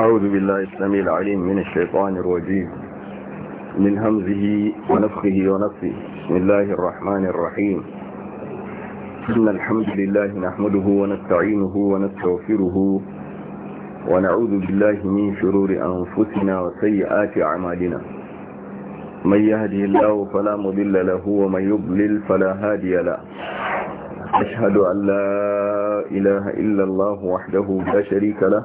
أعوذ بالله السميع العليم من الشيطان الرجيم من همزه ونفخه ونفخه بسم الله الرحمن الرحيم إن الحمد لله نحمده ونستعينه ونستغفره ونعوذ بالله من شرور أنفسنا وسيئات أعمالنا من يهدي الله فلا مضل له ومن يضلل فلا هادي له أشهد أن لا إله إلا الله وحده لا شريك له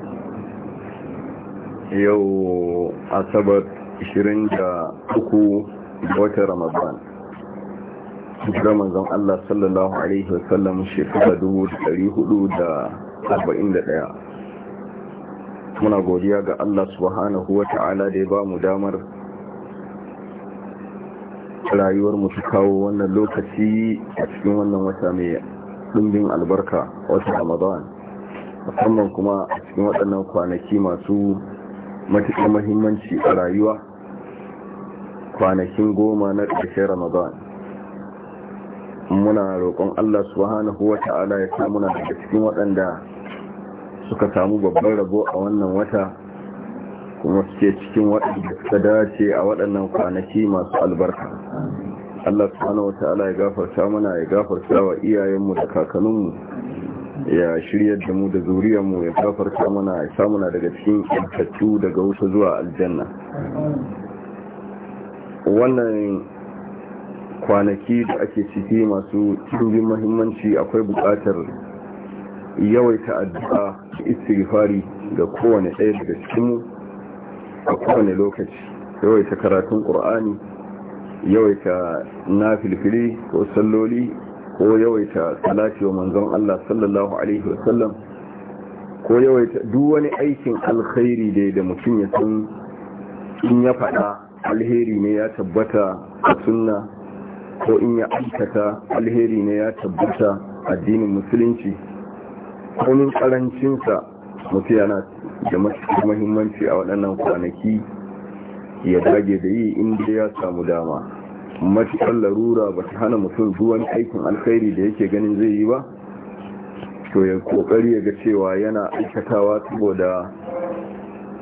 yau asabar 23 watan ramadan jira manzon Allah sallallahu alaihi wasallam shekara 441 muna godiya ga Allah subhanahu wa ta'ala da ya ba mu damar rayuwar mutu kawo wannan lokaci a cikin wannan wata mai ɗumbin albarka wata ramadan musamman kuma a cikin waɗannan kwanaki masu matuƙar mahimmanci a rayuwa kwanakin goma na ƙarshen ramadan muna roƙon allah subhanahu wa ta'ala ya sa muna daga cikin waɗanda suka samu babban rabo a wannan wata kuma suke cikin waɗanda suka dace a waɗannan kwanaki masu albarka allah subhanahu wa ta'ala ya gafarta muna ya gafarta wa iyayenmu da kakanninmu ya shirya da mu da zuriyarmu ya kafarta mana ya samuna daga cikin kyautattu daga wuta zuwa aljanna wannan kwanaki da ake ciki masu cikin mahimmanci akwai bukatar yawaita addu'a da istighfari ga kowane ɗaya daga cikinmu a kowane lokaci yawaita karatun ƙur'ani yawaita na filfili ko salloli ko yawaita salati wa manzon Allah sallallahu alaihi sallam ko yawaita duk wani aikin alkhairi da da mutum ya san in ya faɗa alheri ne ya tabbata a sunna ko in ya aikata alheri ne ya tabbata addinin musulunci komin karancinsa mutum yana da muhimmanci a waɗannan kwanaki ya dage da yi inda ya samu dama matuƙar larura ba ta hana mutum zuwan aikin alkhairi da yake ganin zai yi ba to ya kokari ya ga cewa yana aikatawa saboda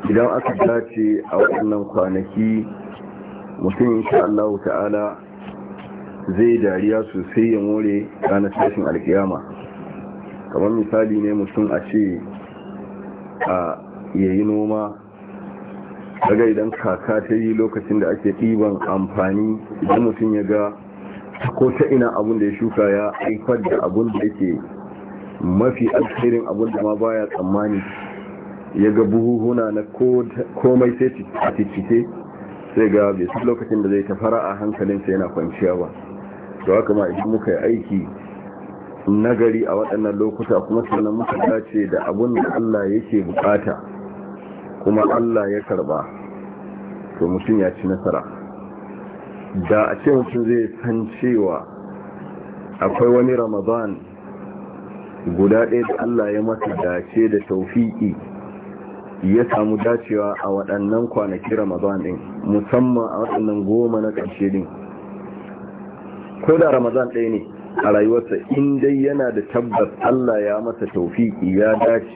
idan aka dace a waɗannan kwanaki mutum insha Allah ta'ala zai dariya sosai ya more ranar tashin alkiyama kamar misali ne mutum a ce a yayi noma daga idan kaka ta yi lokacin da ake ɗiban amfani idan mutum ya ga ko ta ina abin da ya shuka ya haifar da abin da yake mafi alherin abin da ma baya tsammani ya ga buhuhuna na komai sai a cikice sai ga bai su lokacin da zai ta fara a hankalinsa yana kwanciya ba to haka ma idan muka yi aiki nagari a waɗannan lokuta kuma sannan muka dace da abin da Allah yake bukata kuma Allah ya karba to mutum ya ci nasara da a ce mutum zai san cewa akwai wani ramadan guda ɗaya da Allah ya masa dace da taufiƙi ya samu dacewa a waɗannan kwanaki ramadan ɗin musamman a waɗannan goma na ƙarshe ɗin ko da ramadan ɗaya ne a rayuwarsa in dai yana da tabbas Allah ya masa taufiki ya dace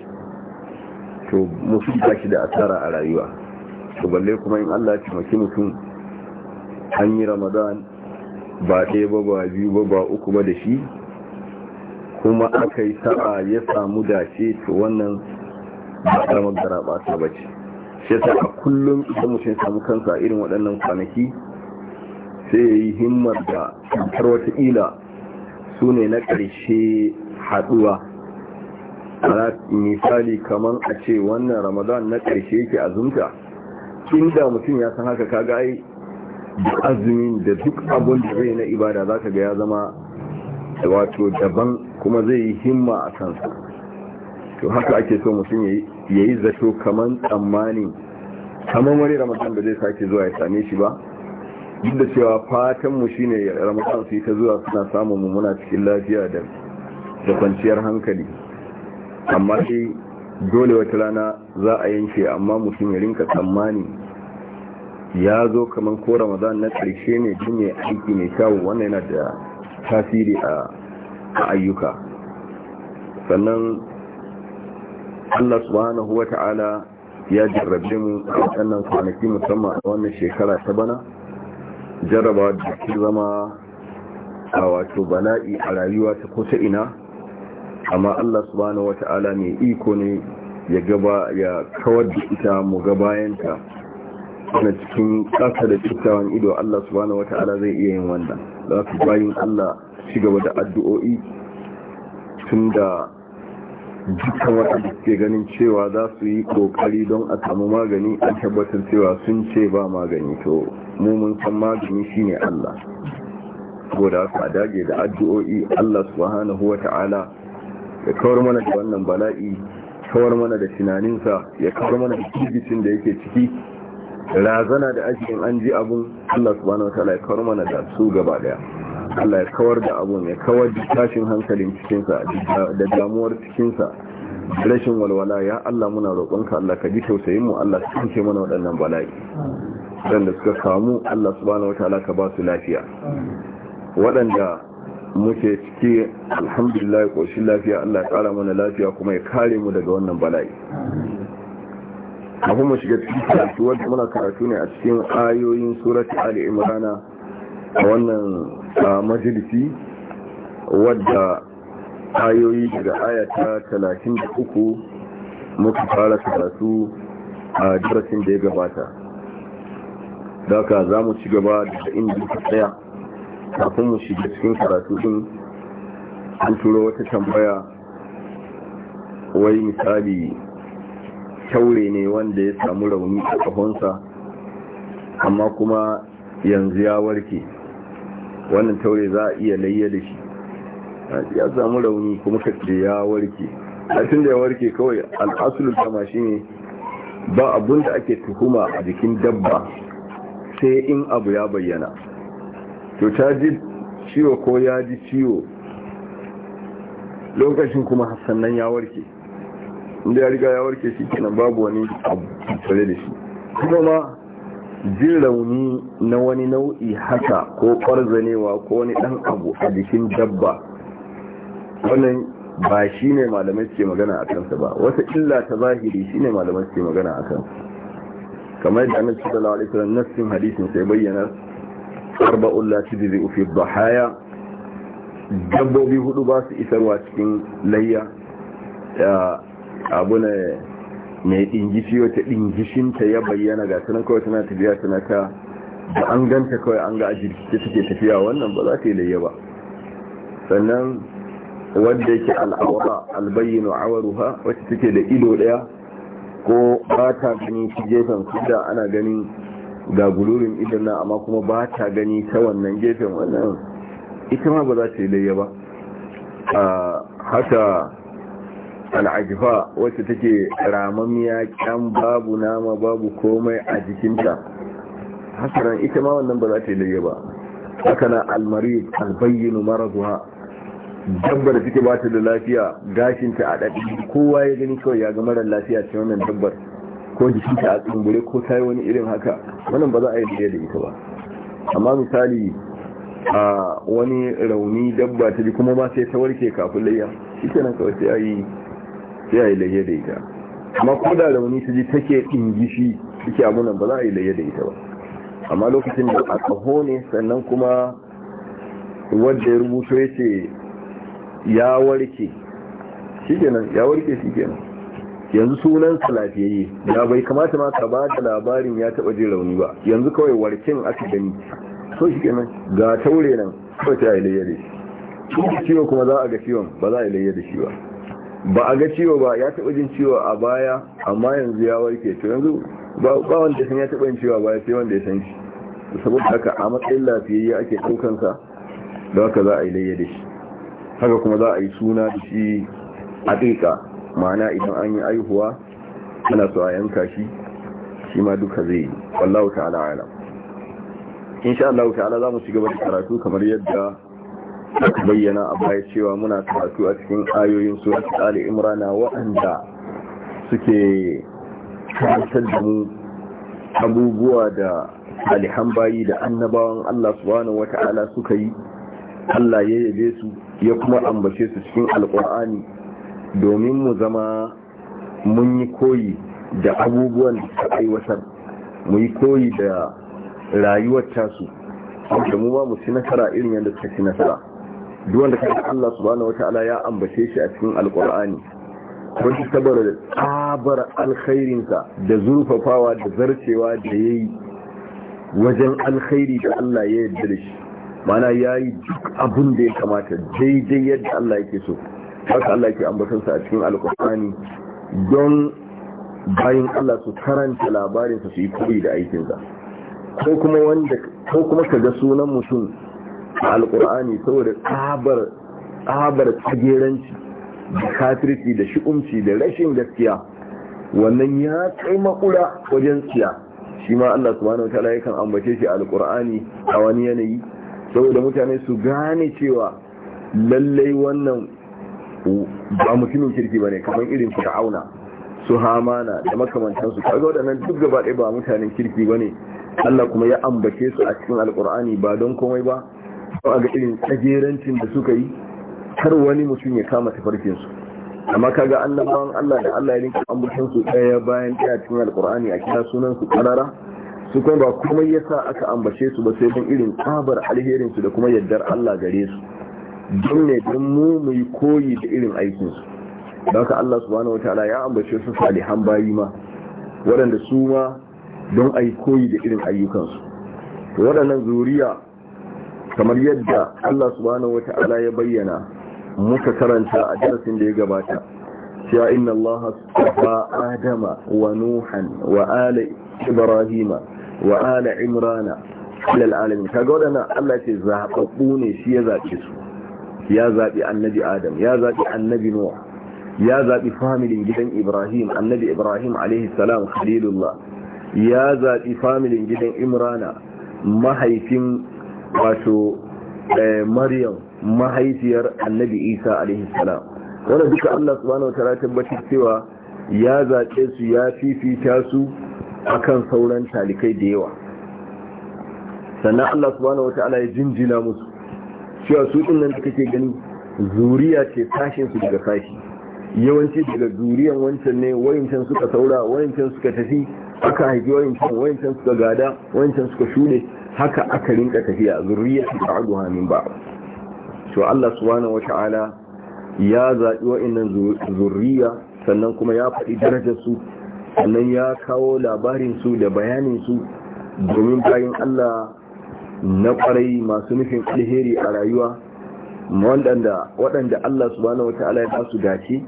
to musu ba shi da asara a rayuwa to balle kuma in Allah ci maki mutum an yi ramadan ba ɗaya ba ba biyu ba ba uku ba da shi kuma aka yi sa'a ya samu dace to wannan ba ramar gara ba ta ce shi ta a kullum idan mutum samu kansa irin waɗannan kwanaki sai ya yi himmar da tamkar wataƙila su ne na ƙarshe haɗuwa misali kaman a ce wannan ramadan na ƙarshe yake azumta inda mutum ya san haka kaga ai duk azumin da duk abun da zai na ibada za ka ga ya zama wato daban kuma zai yi himma a kansa to haka ake so mutum ya yi zato kamar tsammanin kamar wani ramadan da zai sake zuwa ya same shi ba duk da cewa fatanmu shine ramadan su yi ta zuwa suna samun mummuna cikin lafiya da kwanciyar hankali amma shi dole wata rana za a yanke amma mutum ya rinka tsammani ya zo kamar ko ramadan na ƙarshe ne tun ya aiki mai kyawu wannan yana da tasiri a ayyuka sannan allah subhanahu wa ta'ala ya jarrabe mu a waɗannan kwanaki musamman a wannan shekara ta bana jarraba da zama a wato bala'i a rayuwa ta kusa ina amma Allah subhanahu wata'ala mai iko ne ya gaba ya kawar da ita mu gabayanta na cikin kasa da ciktawan ido Allah subhanahu wata'ala zai iya yin wanda? za su bayin Allah ci gaba da addu'o'i tun da dukkan da ke ganin cewa za su yi ƙoƙari don a samu magani a tabbatar cewa sun ce ba magani to mummun san magani shine Allah saboda haka dage da addu'o'i Allah subhanahu wata'ala ya kawar mana da wannan bala'i kawar mana da tunaninsa ya kawar mana da kirgicin da yake ciki razana da ake yin an ji abun Allah subhanahu wataala ya kawar mana da su gaba daya Allah ya kawar da abun ya kawar da tashin hankalin cikinsa da damuwar cikinsa rashin walwala ya Allah muna roƙonka Allah ka ji tausayin mu Allah su mana waɗannan bala'i waɗanda suka kamu Allah subhanahu wataala ka ba su lafiya waɗanda muke ciki alhamdulillah ƙoshin lafiya Allah ya ƙara mana lafiya kuma ya kare mu daga wannan bala'i kafin mu shiga cikin karatu wanda muna karatu ne a cikin ayoyin surati ali imrana a wannan majalisi wadda ayoyi daga ayata talatin da uku muka fara karatu a darasin da ya gabata daga za mu ci gaba da inda tsaya kafin mu shiga cikin karatu din an turo wata tambaya wai misali kyaure ne wanda ya samu rauni a ƙahonsa amma kuma yanzu ya warke wannan taure za a iya layya da shi ya samu rauni kuma kace ya warke tun da ya warke kawai al'asulun kama shi ne ba abun da ake tuhuma a jikin dabba sai in abu ya bayyana to ta ji ciwo ko ya ji ciwo lokacin kuma sannan ya warke inda ya riga ya warke shi kenan babu wani abu tare da shi kuma ma jin rauni na wani nau'i haka ko ƙwarzanewa ko wani ɗan abu a jikin dabba wannan ba shi ne malamai suke magana a kansa ba wata illa ta zahiri shi ne malamai suke magana a kansa kamar da annabi sallallahu alaihi wasallam nassin hadisin sai bayyana arba'un la tujzi fi dhahaya dabbobi hudu ba su isarwa cikin layya abu ne mai dingishi wata dingishinta ya bayyana ga sunan kawai tana tafiya tana ta da an ganta kawai an ga ajiyar take tafiya wannan ba za ta yi layya ba sannan wanda yake al'awara albayyano awaruha wacce take da ido daya ko ba ta gani shi gefen kuda ana ganin ga gulurin idan na amma kuma ba ta gani ta wannan gefen wannan ita ma ba za ta yi laye ba hata al'ajifa wacce take ramamiya kyan babu nama babu komai a jikinta hasaran ita ma wannan ba za ta yi laye ba haka na almari albayyinu zuwa dabbar take ba ta da lafiya gashinta a ɗaɗi kowa ya gani kawai ya ga marar lafiya ce wannan dabbar ko jikinta a tsungure ko ta yi wani irin haka wannan ba za a yi da da ita ba amma misali a wani rauni dabba ta ji kuma ma sai ta warke kafin layya shi nan kawai sai a yi layya da ita amma ko da rauni ta ji take ɗingishi suke abunan ba za a yi layya da ita ba amma lokacin da a kaho ne sannan kuma wadda ya rubuto ya ce ya warke shi kenan ya warke shi kenan yanzu sunansa lafiyayye ya bai kamata ma ka ba da labarin ya taba jin rauni ba yanzu kawai warkin aka gani so shi kenan ga taure nan kawai ta ilayya da shi ciwo kuma za a ga ciwon ba za a ilayya da shi ba ba a ga ciwo ba ya taba jin ciwo a baya amma yanzu ya warke to yanzu ba wanda ya san ya taba jin ciwo a baya sai wanda ya san shi saboda haka a matsayin lafiyayye ake daukan sa da haka za a ilayya da shi haka kuma za a yi suna da shi a dika ma'ana idan an yi aihuwa ana so a yanka shi shi ma duka zai yi wallahu ta'ala alam insha Allah ta'ala za mu ci gaba da karatu kamar yadda aka bayyana a baya cewa muna karatu a cikin ayoyin surat Ali Imran waɗanda suke karantar da mu abubuwa da salihan bayi da annabawan Allah subhanahu wata'ala suka yi Allah ya yabe su ya kuma ambace su cikin alkur'ani domin mu zama mun yi koyi da abubuwan da ta aiwatar mu yi koyi da rayuwar tasu da mu ba mu ci nasara irin yadda suka ci nasara duk wanda kai Allah subhanahu wataala ya ambace shi a cikin alqur'ani wani da tsabar alkhairinsa da zurfafawa da zarcewa da yayi wajen alkhairi da Allah ya yarda da shi mana yayi duk abin da ya kamata daidai yadda Allah yake so haka Allah ke ambatansa a cikin alkur'ani don bayan Allah su karanta labarinsa su yi koyi da aikinsa ko kuma ka ga sunan mutum a alkur'ani saboda tsabar tsabar tsageranci da kafirci da shi'umci da rashin gaskiya wannan ya kai makura wajen tsiya shi ma Allah subhanahu wata yakan ambace shi a alkur'ani a wani yanayi saboda mutane su gane cewa lallai wannan ba mutumin kirki ba ne kamar irin fir'auna su hamana da makamantansu kaga waɗannan duk gaba ɗaya ba mutanen kirki ba ne Allah kuma ya ambace su a cikin alkur'ani ba don komai ba a ga irin tsagerancin da suka yi har wani mutum ya kama tafarkinsu amma kaga annaban Allah da Allah ya rinka ambacin su ɗaya bayan ɗaya cikin alkur'ani a kira sunan su karara su kuma ba komai yasa aka ambace su ba sai don irin tsabar alherinsu da kuma yaddar Allah gare su don ne don mu mu koyi da irin aikinsu don ka Allah subhanahu wataala ya ambace su salihan bayi ma waɗanda su ma don a koyi da irin ayyukansu waɗannan zuriya kamar yadda Allah subhanahu wataala ya bayyana muka karanta a darasin da ya gabata cewa inna Allah astafa Adama wa Nuhan wa Ali Ibrahim wa ala Imran ala alamin kaga waɗannan Allah ce zaɓaɓɓu ne shi ya zaɓe su ya zaɓi annabi adam ya zaɓi annabi nuwa ya zaɓi familin gidan ibrahim annabi ibrahim alaihissalam khalilullah ya zaɓi familin gidan imrana mahaifin wato eh, maryam mahaifiyar annabi isa alaihissalam wanda duka allah subhanahu wa ta'ala tabbatar cewa ya zaɓe su ya fifita su akan sauran talikai da yawa sannan allah subhanahu wa ta'ala ya jinjina musu cewa su ɗin nan da kake gani zuriya ce tashin su daga sashi yawanci daga zuriyan wancan ne wayancan suka saura wayancan suka tafi aka haifi wayancan wayancan suka gada wayancan suka shuɗe haka aka rinka tafiya zuriya ba ba'adu min ba to Allah subhanahu wata'ala ya zaɓi wa'annan zuriya sannan kuma ya faɗi darajar su sannan ya kawo labarin su da bayanin su domin bayan Allah na kwarai masu nufin alheri a rayuwa waɗanda Allah subhanahu wata'ala ya su dace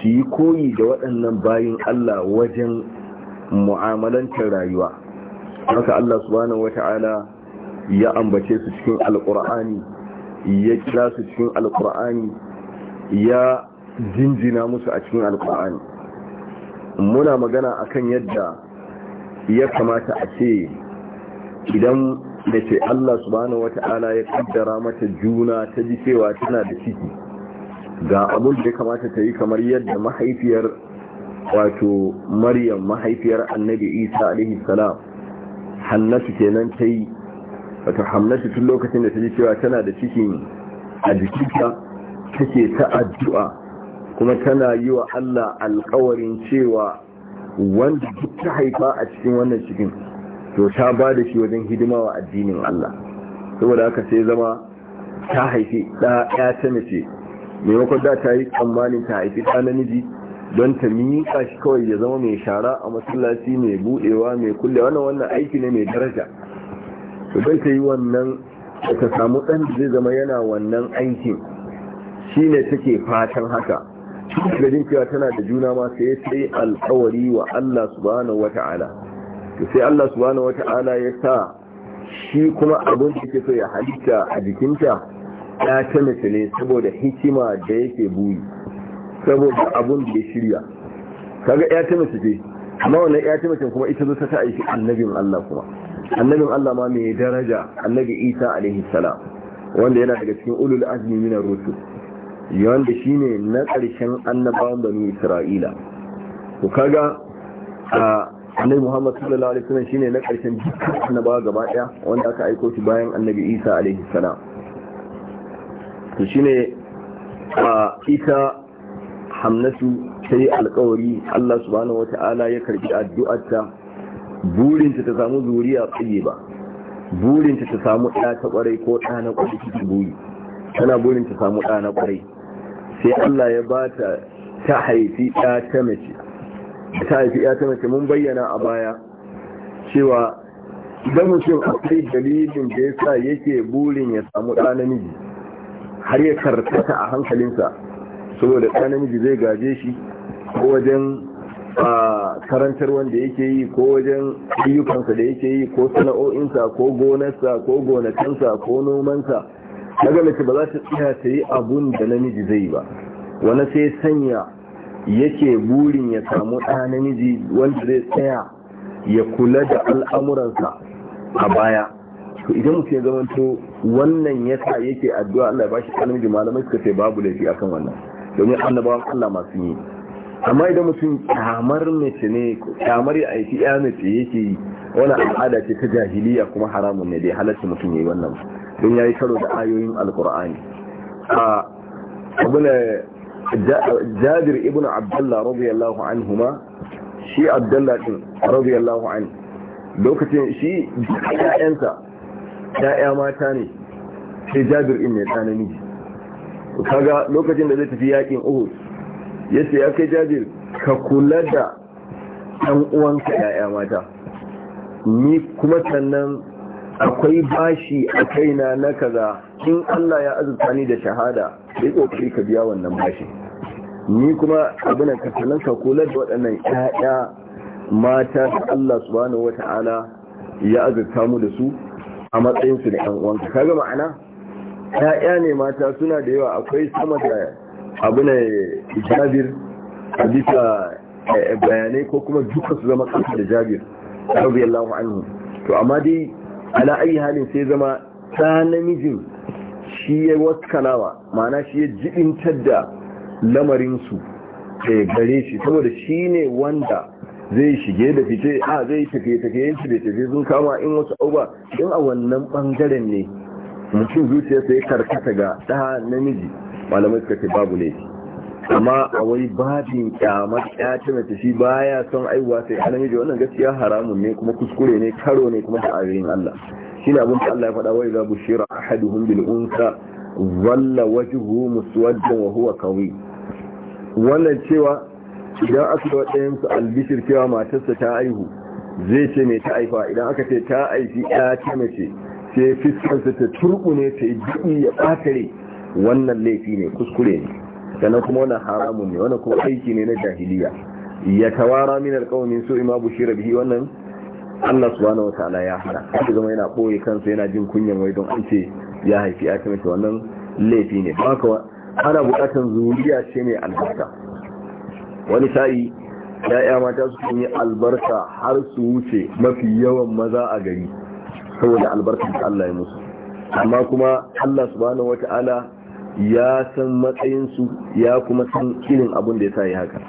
su yi koyi da waɗannan bayan Allah wajen mu'amalantar rayuwa haka Allah subhanahu wata'ala ya ambace su cikin alkur'ani ya kira su cikin alkur'ani ya jinjina musu a cikin alkur'ani muna magana a kan yadda ya kamata a ce idan da ce Allah subhanahu wata'ala ya kaddara mata juna ta ji cewa tana da ciki ga abun da kamata ta yi kamar yadda mahaifiyar wato maryam mahaifiyar annabi isa alaihi salam hannatu kenan ta yi wato hannatu tun lokacin da ta ji cewa tana da ciki a jikinta take ta addu'a kuma tana yi wa Allah alkawarin cewa wanda duk ta haifa a cikin wannan cikin to ta ba da shi wajen hidima wa addinin Allah saboda haka sai zama ta haifi ɗaya ta mace maimakon da ta yi tsammanin ta haifi ta namiji don ta miƙa shi kawai ya zama mai shara a masallaci mai buɗewa mai kulle wannan wannan aiki ne mai daraja to don ta yi wannan ta samu ɗan da zai zama yana wannan aikin shine take fatan haka cikin gajin cewa tana da juna ma sai sai alkawari wa Allah subhanahu wata'ala sai Allah subhanahu wata'ala ya sa shi kuma abin da yake so ya halitta a jikinta ya ta mace ne saboda hikima da yake buyi saboda abin da ya shirya kaga ya ta mace amma wannan ya ta mace kuma ita zo ta aiki annabin Allah kuma annabin Allah ma mai daraja annabi Isa alaihi salam wanda yana daga cikin ulul azmi min ar-rusul shi shine na ƙarshen annabawan banu Isra'ila ku kaga a annabi muhammad sallallahu alaihi wasallam shine na karshen annabawa gaba daya wanda aka aiko shi bayan annabi isa alaihi salam to shine a ita hamnatu ta yi alkawari allah subhanahu wata'ala ya karbi addu'arta burinta ta samu zuriya tsaye ba burinta ta samu ɗa ta ƙwarai ko ɗa na kwarai ta buri tana burin ta samu ɗa na ƙwarai sai allah ya ba ta ta haifi ɗa ta mace da ta haifi ya ta mace mun bayyana a baya cewa idan mutum akwai dalilin da ya sa yake burin ya samu ɗa namiji har ya karkata a hankalinsa saboda ɗa namiji zai gaje shi ko wajen karantar wanda yake yi ko wajen ayyukansa da yake yi ko sana'o'insa ko gonarsa ko gonakansa ko nomansa daga mace ba za ta tsaya ta yi abun da namiji zai ba wani sai sanya yake burin ya samu ɗa namiji wanda zai tsaya ya kula da al'amuransa a baya Ko idan mutum ya zamanto wannan ya sa yake addu'a Allah ya bashi ɗa namiji malamai suka ce babu laifi akan wannan domin annabawan Allah masu yi amma idan mutum kyamar mace ne kyamar ya aiki ya mace yake yi wani al'ada ce ta jahiliya kuma haramun ne dai halarci mutum ya yi wannan don ya yi karo da ayoyin alkur'ani a jabir ibn abdullah radiyallahu anhuma shi abdullah din radiyallahu an lokacin shi ƴaƴansa ƴaƴa mata ne sai jabir din ne tsanani kaga lokacin da zai tafi yakin uhud yace ya kai jabir ka kula da ɗan uwanka ƴaƴa mata ni kuma sannan akwai bashi a kaina na kaza in Allah ya azurta ni da shahada sai kokari ka biya wannan bashi ni kuma abin da kasalan ka da waɗannan ƴaƴa mata da Allah subhanahu wata'ala ya azurta mu da su a matsayin su da ƴan Ka ga ma'ana ƴaƴa ne mata suna da yawa akwai sama da abin jabir a bisa eh, bayanai ko kuma duka su zama kasa da jabir radiyallahu anhu to amma dai ala ayi halin sai zama ta namijin shi ya waskalawa ma'ana shi ya jibintar da Lamarin su ke gare shi saboda shi ne wanda zai shige da fice a zai tafiye-tafiyen shi da tafiye sun kama in wasu auba in a wannan bangaren ne mutum zuciya sai karkata ga ta namiji malamai suka ce babu laifi amma a wai babin kyamar ƴace mace shi baya son aiwa sai a namiji wannan gaskiya haramun ne kuma kuskure ne karo ne kuma da Allah Shi abin da Allah ya faɗa wai za bushira ahaduhum bil unsa zalla wajuhu muswaddan wa huwa kawi wannan cewa idan aka ga ɗayan su albishir cewa matarsa ta aihu zai ce me ta aifa idan aka ce ta aifi ya ta mace sai fiskan sa ta turkune ta yi duɗi ya wannan laifi ne kuskure ne sannan kuma wannan haramun ne wannan kuma aiki ne na jahiliya ya tawara min alqawmin so ima bushira bihi wannan Allah subhanahu ta'ala ya hana haka zama yana ɓoye kansa yana jin kunyan wai don an ce ya haifi ya kamata wannan laifi ne ba kawa ana bukatar zuriya ce mai albarka wani sa'i ya ya'ya mata su yi albarka har su wuce mafi yawan maza a gari saboda albarka da Allah ya musu amma kuma Allah wata ala ya san matsayinsu ya kuma san irin abin da ya sa haka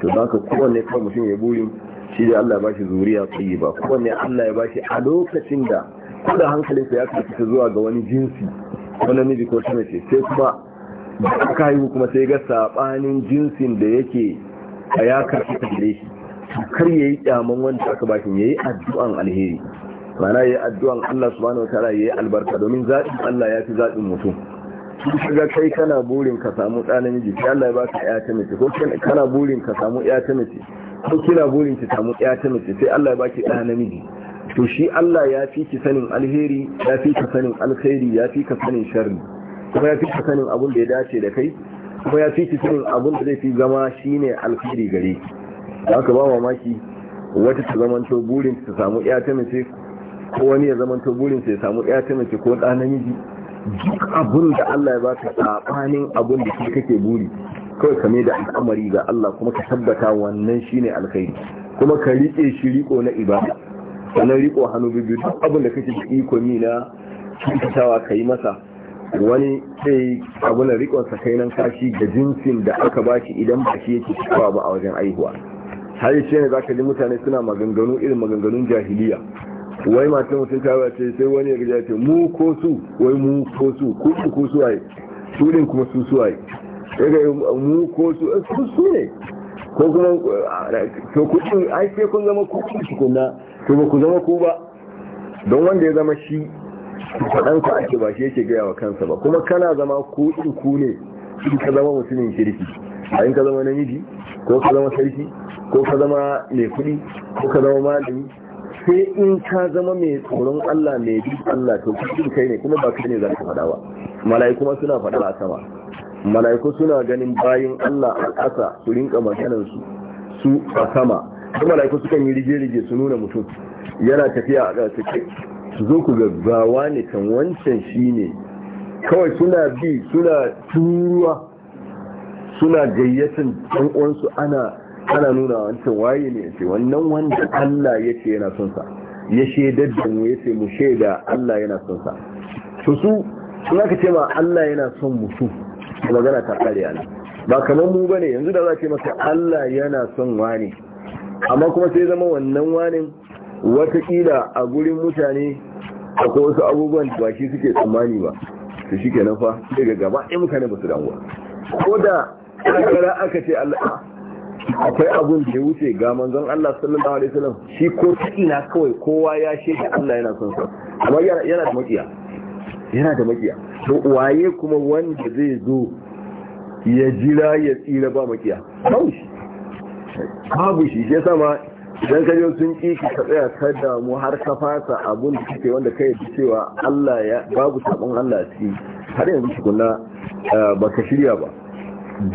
to za ka kowanne kawai mutum ya burin shi da Allah ya bashi zuriya tsayi ba kowanne Allah ya bashi a lokacin da ko da hankalinsa ya karkata zuwa ga wani jinsi ko namiji ko ta mace sai kuma ba aka haihu kuma sai ga sabanin jinsin da yake a ya ta gare shi kar ya yi kyaman wanda aka ba ya yi addu'an alheri mana yi addu'an Allah subhanahu ya yi albarka domin zaɓin Allah ya fi zaɓin mutum shiga kai kana burin ka samu ɗa namiji sai Allah ya baka ya ta mace ko kana burin ka samu ya ta mace ko kina burin ki samu ya ta mace sai Allah ya baki ɗa namiji to shi Allah ya fi ki sanin alheri ya fi ka sanin alheri, ya fi ka sanin sharri kuma ya fi ka sanin abin da ya dace da kai kuma ya fi ki sanin abin da zai fi zama shine alheri gare ki haka ba mamaki wata ta to burin ta samu ya ta mace ko wani ya to burin ya samu ya ta mace ko ɗa namiji duk abin da Allah ya baka sabanin abin da kake buri kawai kame da al'amari ga Allah kuma ka tabbata wannan shine alheri, kuma ka rike shi na ibada sannan riko hannu biyu duk abin da kake iko ni na kyautatawa ka yi masa wani sai abin da rikonsa kai nan kashi da jinsin da aka ba shi idan ba shi yake cikawa ba a wajen aihuwa har yi ne za ka ji mutane suna maganganu irin maganganun jahiliya wai matan mutum ta ce sai wani ya gaji ce mu ko su wai mu ko su ku ko su ai su din kuma su su ai daga mu ko su eh, su su ne ko kuma to kuɗin ai sai kun zama ku tukuna to ba ku zama ku ba don wanda ya zama shi faɗanka ake ba shi yake gaya wa kansa ba kuma kana zama ku ku ne in ka zama mutumin kirki a in ka zama namiji ko ka zama sarki ko ka zama mai kuɗi ko ka zama malami sai in ka zama mai tsoron Allah mai bi Allah to kuɗin kai ne kuma ba kai ne za ka faɗa ba mala'iku ma suna faɗa a sama mala'iku suna ganin bayin Allah a ƙasa su rinka maganar su su a sama har malaiku sukan yi rige-rige su nuna mutum yana tafiya a ƙasa su zo ku gaggawa ne kan wancan shi ne kawai suna bi suna turuwa suna gayyatan ɗan uwansu ana ana nuna wancan waye ne ce wannan wanda Allah ya ce yana son sa ya shaidar da mu ya ce mu shaida Allah yana son sa to su sun aka ce ma Allah yana son mutum magana ta ƙarya ana ba kamar mu bane yanzu da za ce maka Allah yana son wani amma kuma sai zama wannan wanin watakila a gurin mutane ko wasu abubuwan ba shi suke tsammani ba su shi ke nufa daga gaba ɗaya mutane ba su damuwa ko da ƙarƙara aka ce allah akwai abun da ya wuce ga manzon allah sallallahu alaihi wasallam shi ko na kawai kowa ya shaida allah yana son sa amma yana da makiya yana da makiya to waye kuma wanda zai zo ya jira ya tsira ba makiya kawai babu shi ke sama idan ka sun ƙi ka tsaya ka damu har ka fasa abun da kake wanda ka yadda cewa Allah ya babu sabon Allah ci har yanzu kuna eh, ba ka shirya ba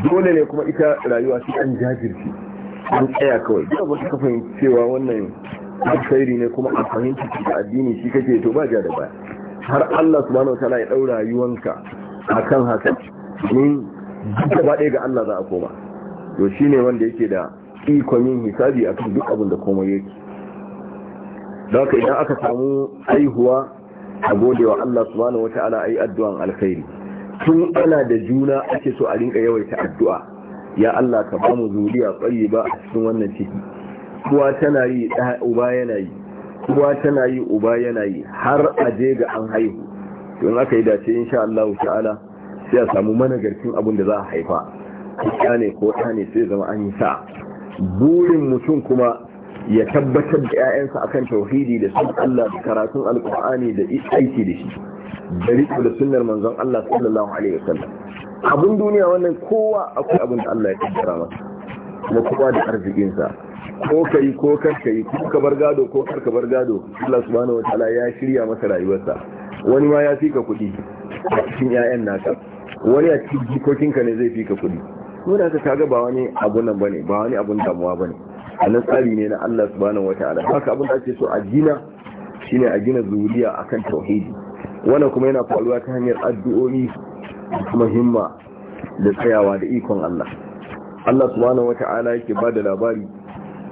dole ne kuma ita rayuwa shi an jajirce an tsaya kawai duk abin ka fahimci cewa wannan alkhairi ne kuma a fahimci da addini shi kake to ba ja da baya har Allah subhanahu ta'ala ya daura rayuwanka akan haka domin duk gaba ɗaya ga Allah za a koma to shine wanda yake da ikon yin hisabi a kan duk abin da komai yake da haka idan aka samu aihuwa a godewa wa Allah subhanahu wa ta'ala ayi addu'an alkhairi tun ana da juna ake so a rinka yawaita addu'a ya Allah ka ba mu zuriya tsayi ba a cikin wannan ciki kuwa tana yi uba yana yi kuwa tana yi uba yana yi har a je ga an haihu to in aka yi dace insha Allah ta'ala sai a samu managarcin abin da za a haifa ya ne ko ta ne sai zama an yi sa burin mutum kuma ya tabbatar da 'ya'yansa akan tauhidi da sun Allah da karatun alkur'ani da aiki da shi da riƙo da sunnar manzon Allah sallallahu alaihi wasallam abun duniya wannan kowa akwai abin da Allah ya kaddara masa kuma kowa da arzikinsa ko kai ko kar kai ko ka bar gado ko kar ka bar gado Allah subhanahu wataala ya shirya masa rayuwarsa wani ma ya fika kuɗi a cikin 'ya'yan naka wani a cikin jikokinka ne zai fika kuɗi nuna ka kaga ba wani abun nan bane ba wani abun damuwa bane annan tsari ne na Allah subhanahu wataala haka abin da ake so a gina shine a gina zuriya akan tauhidi wannan kuma yana faruwa ta hanyar addu'o'i kuma himma da tsayawa da ikon Allah Allah subhanahu wataala yake ba da labari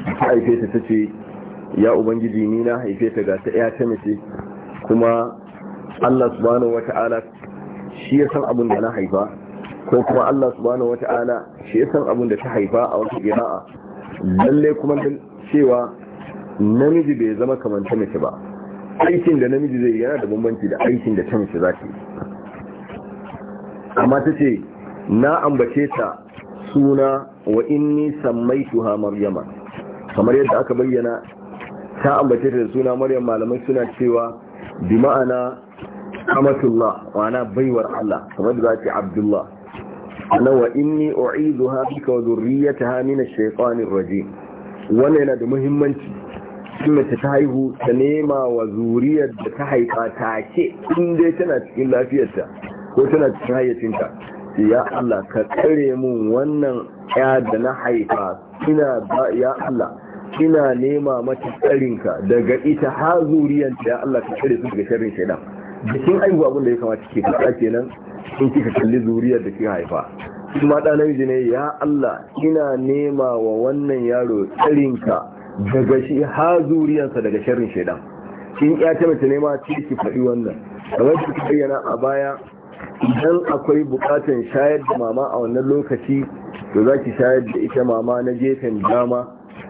ta haife ta tace ya ubangiji ni na haife ta ga ta ya ta mace kuma Allah subhanahu wataala shi ya san abin da na haifa ko kuma Allah subhanahu wata'ala shi ya san abin da ta haifa a wata jira'a lalle kuma cewa namiji bai zama kamar ta mace ba aikin da namiji zai yana da bambanci da aikin da ta mace za ta yi amma ta ce na ambace ta suna wa inni sammaituha maryama kamar yadda aka bayyana ta ambace ta da suna maryam malamai suna cewa bi ma'ana amatullah ma'ana baiwar Allah kamar da za ta abdullah ana wa inni u'idu ha bika wa zurriyataha min ash-shaytanir rajim wannan yana da muhimmanci mace ta haihu ta nema wa zuriyar da ta haifa ta take in dai tana cikin lafiyarta ko tana cikin hayyacinta ya Allah ka tsare mun wannan ya da na haifa ina ya Allah ina nema mata tsarinka daga ita ha zuriyanta ya Allah ka tsare su daga sharrin shaidan jikin aihu abin ya kamata ke fata kenan in kika kalli zuriyar da kika haifa in ma ɗan namiji ne ya Allah ina nema wa wannan yaro tsarinka daga shi ha zuriyarsa daga sharrin shaidan in ya ta mace nema ce ki faɗi wannan kamar da bayyana a baya idan akwai bukatan shayar da mama a wannan lokaci to za ki shayar da ita mama na gefen dama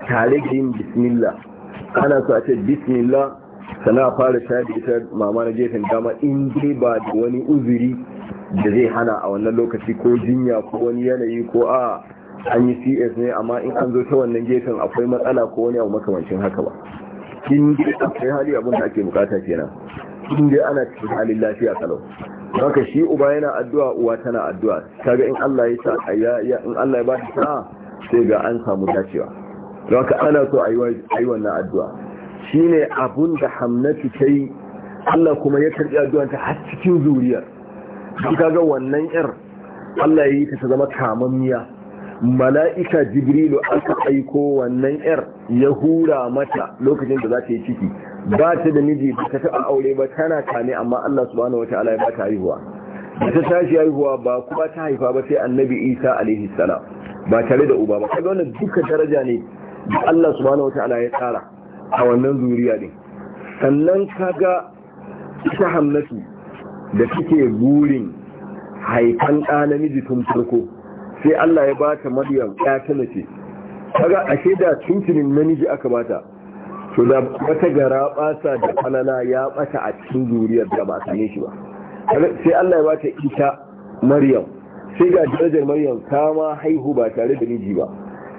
tare da yin bismillah ana so a ce bismillah sana fara shayar da ita mama na gefen dama in dai ba da wani uzuri da zai hana a wannan lokaci ko jinya ko wani yanayi ko a an yi cs ne amma in an zo ta wannan gefen akwai matsala ko wani abu makamancin haka ba in dai akwai hali abin da ake bukata kenan in dai ana cikin halin lafiya kalau haka shi uba yana addu'a uwa tana addu'a kaga in Allah ya sa in Allah ya ba shi sa'a sai ga an samu dacewa don haka ana so a yi wannan addu'a Shi ne abun da Hamnatu ta yi Allah kuma ya karbi ta har cikin zuriyar shi kaga wannan ƴar Allah ya yi ta zama kamammiya mala'ika jibrilu aka aiko wannan ƴar ya hura mata lokacin da za ta yi ciki ba ta da miji ba ta taɓa aure ba tana kame amma Allah subhanahu wata'ala ya ba ta haihuwa da ta tashi haihuwa ba kuma ta haifa ba sai annabi isa alaihi salam ba tare da uba ba kaga wannan duka daraja ne da Allah subhanahu wataala ya tsara a wannan zuriya din sannan kaga ita hamnatu da suke gurin haifan ɗa namiji tun farko sai Allah ya bata maryam ya ta mace kaga ashe da tuntunin namiji aka bata to da wata gara basa da falala ya bata a cikin zuriyar da ba same shi ba sai Allah ya bata ita maryam sai ga darajar maryam ta ma haihu ba tare da miji ba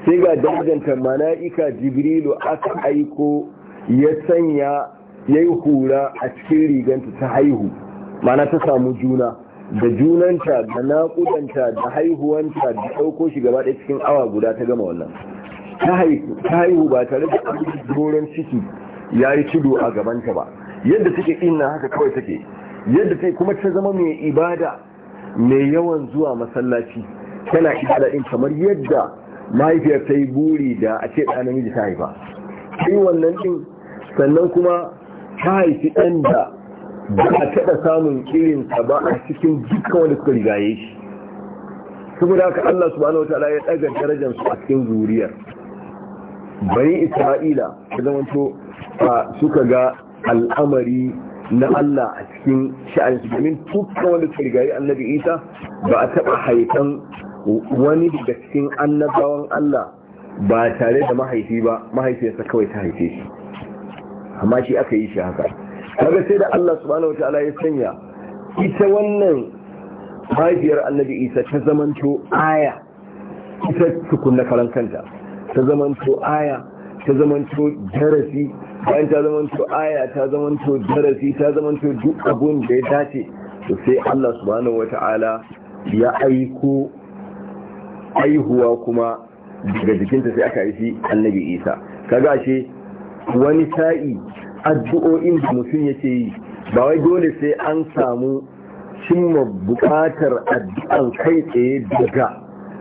sai ga darajar mala'ika jibrilu aka aiko ya sanya yayi hura a cikin riganta ta haihu mana ta samu juna da junanta da naƙudanta da haihuwanta da ɗauko shi gaba ɗaya cikin awa guda ta gama wannan ta haihu ba tare da abin doron ciki ya yi tudu a gabanta ba yadda take inna haka kawai take yadda take kuma ta zama mai ibada mai yawan zuwa masallaci tana ibada din kamar yadda mahaifiyar ta yi buri da a ce namiji ta haifa sai wannan din sannan kuma ta haifi ɗan da ba a taɓa samun irinsa ba a cikin dukkan wanda suka rigaye shi saboda haka Allah subhanahu wataala ya ɗaga darajar su a cikin zuriyar bari Isra'ila ta zamanto suka ga al'amari na Allah a cikin sha'an su domin dukkan wanda suka rigaye annabi Isa ba a taɓa haifan wani daga cikin annabawan Allah ba tare da mahaifi ba mahaifiyarsa kawai ta haife shi amma shi aka yi shi haka kaga sai da Allah subhanahu wa ta'ala ya sanya ita wannan mahaifiyar annabi isa ta zamanto aya ita tukunna karan kanta ta zamanto aya ta zamanto darasi bayan ta zamanto aya ta zamanto darasi ta zamanto duk abun da ya dace to sai Allah subhanahu wa ta'ala ya aiko aihuwa kuma daga jikinta sai aka haifi annabi isa kaga shi wani sa'i addu'o'in da mutum yake yi ba wai dole sai an samu cimma bukatar addu'an kai tsaye daga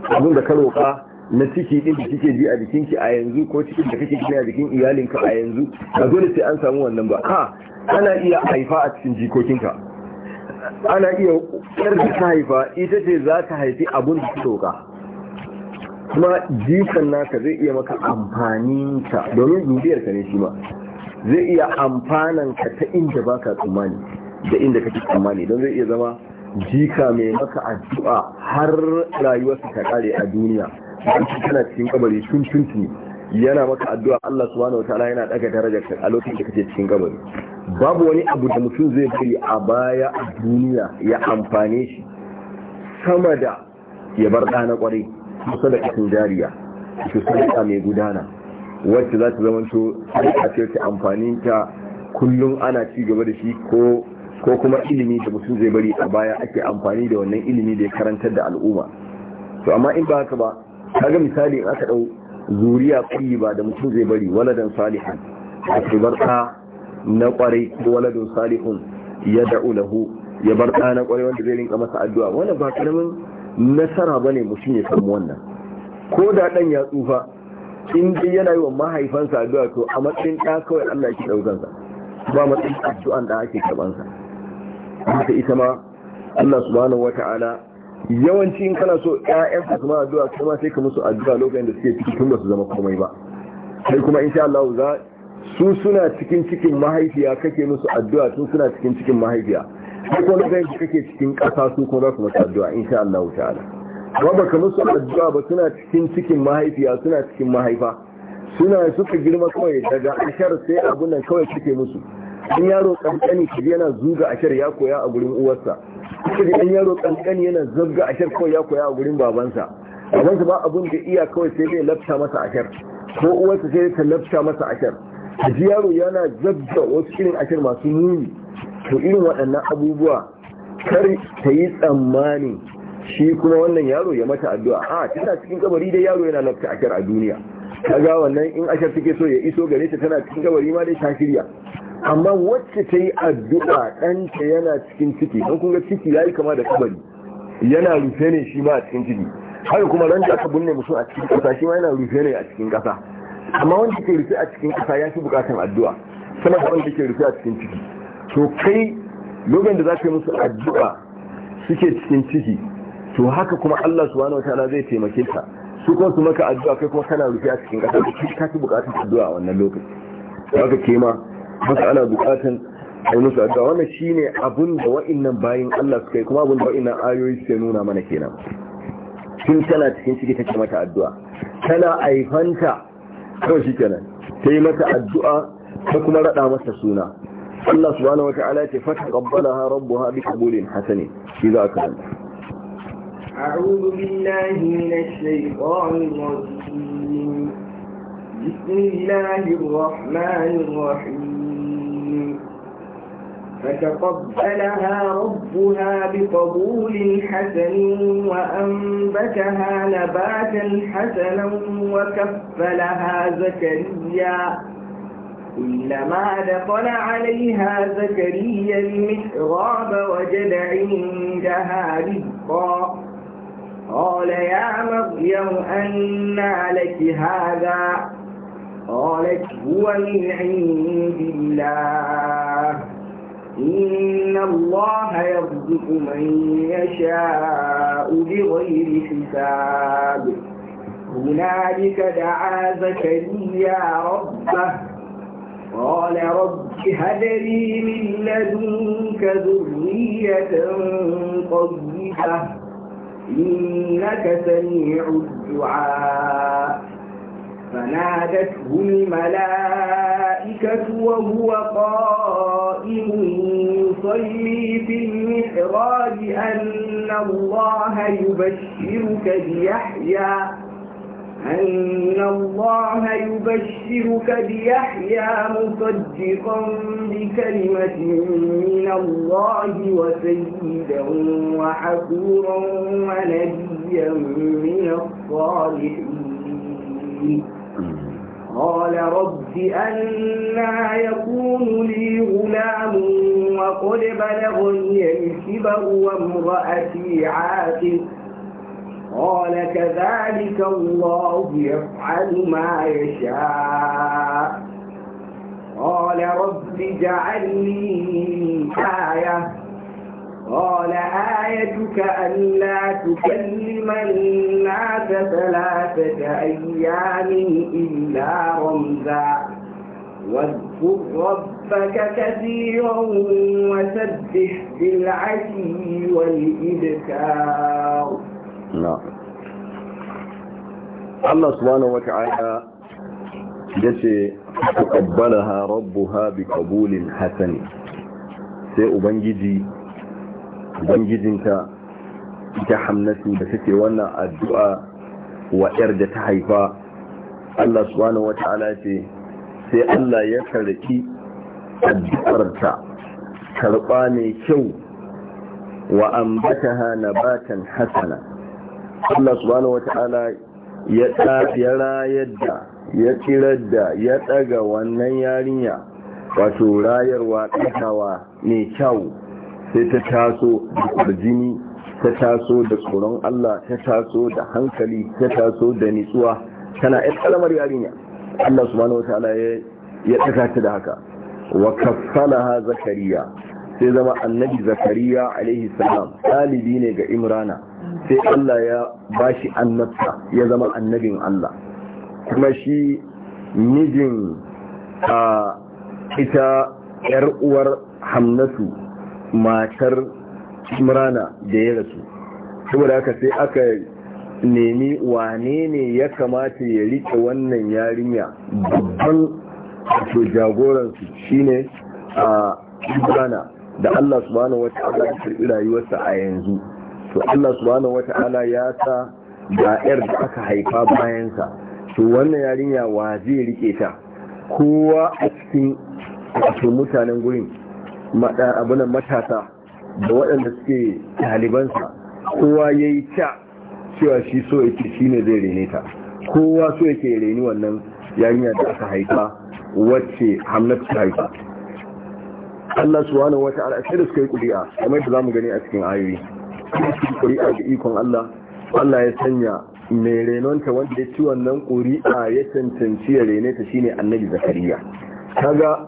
abinda ka roƙa na ciki din da kike ji a jikinki a yanzu ko cikin da kake gina a jikin iyalinka a yanzu ba dole sai an samu wannan ba ha ana iya haifa a cikin jikokinka ana iya ƙyar da ta haifa ita ce za ta haifi abin da ta roƙa kuma jikan naka zai iya maka amfaninta domin dubiyar ka ne shi ma zai iya amfanan ka ta inda baka tsammani da inda kake tsammani don zai iya zama jika mai maka addu'a har rayuwarsa ta kare a duniya don kana cikin kabari tun tuntuni yana maka addu'a Allah subhanahu wataala yana daga darajar ka a lokacin da kake cikin kabari babu wani abu da mutum zai bari a baya a duniya ya amfane shi sama da ya bar ɗana kwarai kusa da kasin jariya kusa da mai gudana wacce za ta zamanto a ce ta ta kullum ana ci gaba da shi ko kuma ilimi da mutum zai bari a baya ake amfani da wannan ilimi da ya karantar da al'umma to amma in ba haka ba kaga misali in aka dau zuriya ba da mutum zai bari waladan salihan a ce barka na kwarai ko waladun salihun ya da'u lahu ya barka na kwarai wanda zai rinka masa addu'a wannan ba karamin nasara ba bane mutum ya samu wannan ko da dan ya tsufa in dai yana yi wa mahaifansa addu'a to a matsayin ɗa kawai Allah ke ɗaukansa ba matsayin addu'an da ake karɓansa haka ita ma Allah subhanahu wata'ala yawanci in kana so ƴaƴanka su ma addu'a kai ma sai ka musu addu'a lokacin da suke ciki tun ba su zama komai ba sai kuma insha Allah za su suna cikin cikin mahaifiya kake musu addu'a tun suna cikin cikin mahaifiya sai kuma lokacin da kake cikin ƙasa su kuma za su masa addu'a insha Allah ta'ala ba baka musu addu'a ba suna cikin cikin mahaifiya suna cikin mahaifa suna suka girma kawai daga ashar sai abun nan kawai suke musu in yaro kankani kaji yana zuga ashar ya koya a gurin uwarsa kaji in yaro kankani yana zabga ashar kawai ya koya a gurin babansa babansa ba abun da iya kawai sai dai lafta masa ashar ko uwarsa sai ta lafta masa ashar ji yaro yana zabba wasu irin ashar masu muni to irin waɗannan abubuwa kar ta yi tsammani shi kuma wannan yaro ya mata addu'a a tana cikin kabari dai yaro yana nafta akar a duniya kaga wannan in ashar take so ya iso gare ta tana cikin kabari ma dai ta amma wacce ta yi addu'a ɗanta yana cikin ciki don kun ciki ya yi kama da kabari yana rufe ne shi ma a cikin ciki haka kuma ranta aka binne mutum a cikin ƙasa shi ma yana rufe ne a cikin ƙasa amma wanda ke rufe a cikin ƙasa ya fi buƙatar addu'a sama da wanda ke rufe a cikin ciki to kai lokacin da za ka yi musu addu'a suke cikin ciki to haka kuma Allah subhanahu wataala zai taimake ka su kuma su maka addu'a kai kuma kana rufe a cikin kasa ka ci bukatun addu'a wannan lokaci haka ke ma masa ana bukatun ai musu addu'a wannan shine abun da wa'annan bayin Allah suka yi kuma abun da wa'annan ayoyi suka nuna mana kenan tun tana cikin ciki take mata addu'a tana aifanta kawai shi kenan ta mata addu'a ta kuma raɗa masa suna Allah subhanahu wa ta'ala ya ce fata qabbalaha rabbuha bi qabulin hasani shi za ka أعوذ بالله من الشيطان الرجيم بسم الله الرحمن الرحيم فتقبلها ربها بقبول حسن وأنبتها نباتا حسنا وكفلها زكريا كلما دخل عليها زكريا المحراب وجد عندها رزقا قال يا مريم أنى لك هذا قالت هو من عند الله إن الله يرزق من يشاء بغير حساب هنالك دعا زكريا ربه قال رب هب لي من لدنك ذرية طيبة إنك سميع الدعاء فنادته الملائكة وهو قائم يصلي في المحراب أن الله يبشرك بيحيى أن الله يبشرك بيحيى مصدقا بكلمة من الله وسيدا وحكورا ونبيا من الصالحين قال رب أنا يكون لي غلام وقد بلغني الكبر وامرأتي عاقل قال كذلك الله يفعل ما يشاء قال رب اجعل لي آية قال آيتك ألا تكلم الناس ثلاثة أيام إلا رمزا واذكر ربك كثيرا وسبح بالعشي والإبكار na Allah subhanahu wata'ala yace taqabbalaha rabbuha biqabulin hasan sai ubangiji ubangijinta ita hamnatu da take wannan addu'a wa yar da ta haifa Allah subhanahu wata'ala ce sai Allah ya karki addu'arta karba ne kyau wa ambataha nabatan hasana Allah subhanahu wata'ala ya ya rayar da ya tirar da ya daga wannan yarinya wato rayarwa ɗagawa ne kyau sai ta taso da kwarjini ta taso da tsoron Allah ta taso da hankali ta taso da nitsuwa tana yan kalamar yarinya Allah subhanahu wata'ala ya tsaka ta da haka wa kaffalaha zakariya sai zama annabi zakariya alaihi salam talibi ne ga imrana sai allah ya bashi annabta ya zama annabin allah kuma shi mijin a ita yar uwar hamnatu matar imrana da ya rasu saboda haka sai aka nemi wane ne ya kamata ya rike wannan yarinya babban wato jagoransu shine a imrana da Allah subhanahu wata'ala ya karbi rayuwarsa a yanzu to Allah subhanahu wata'ala ya sa ga yar da aka haifa bayansa to wannan yarinya wa zai rike ta kowa a cikin wato mutanen gurin abunan matasa da waɗanda suke sa kowa yayi yi ta cewa shi so yake shi zai rene ta kowa so yake reni wannan yarinya da aka haifa wacce hamnat ta haifa Allah subhanahu wata'ala sai da suka yi kuri'a kamar za zamu gani a cikin ayoyi kuri'a da ikon Allah Allah ya sanya mai renonta wanda ya ci wannan kuri'a ya cancanci ya rene shine annabi zakariya kaga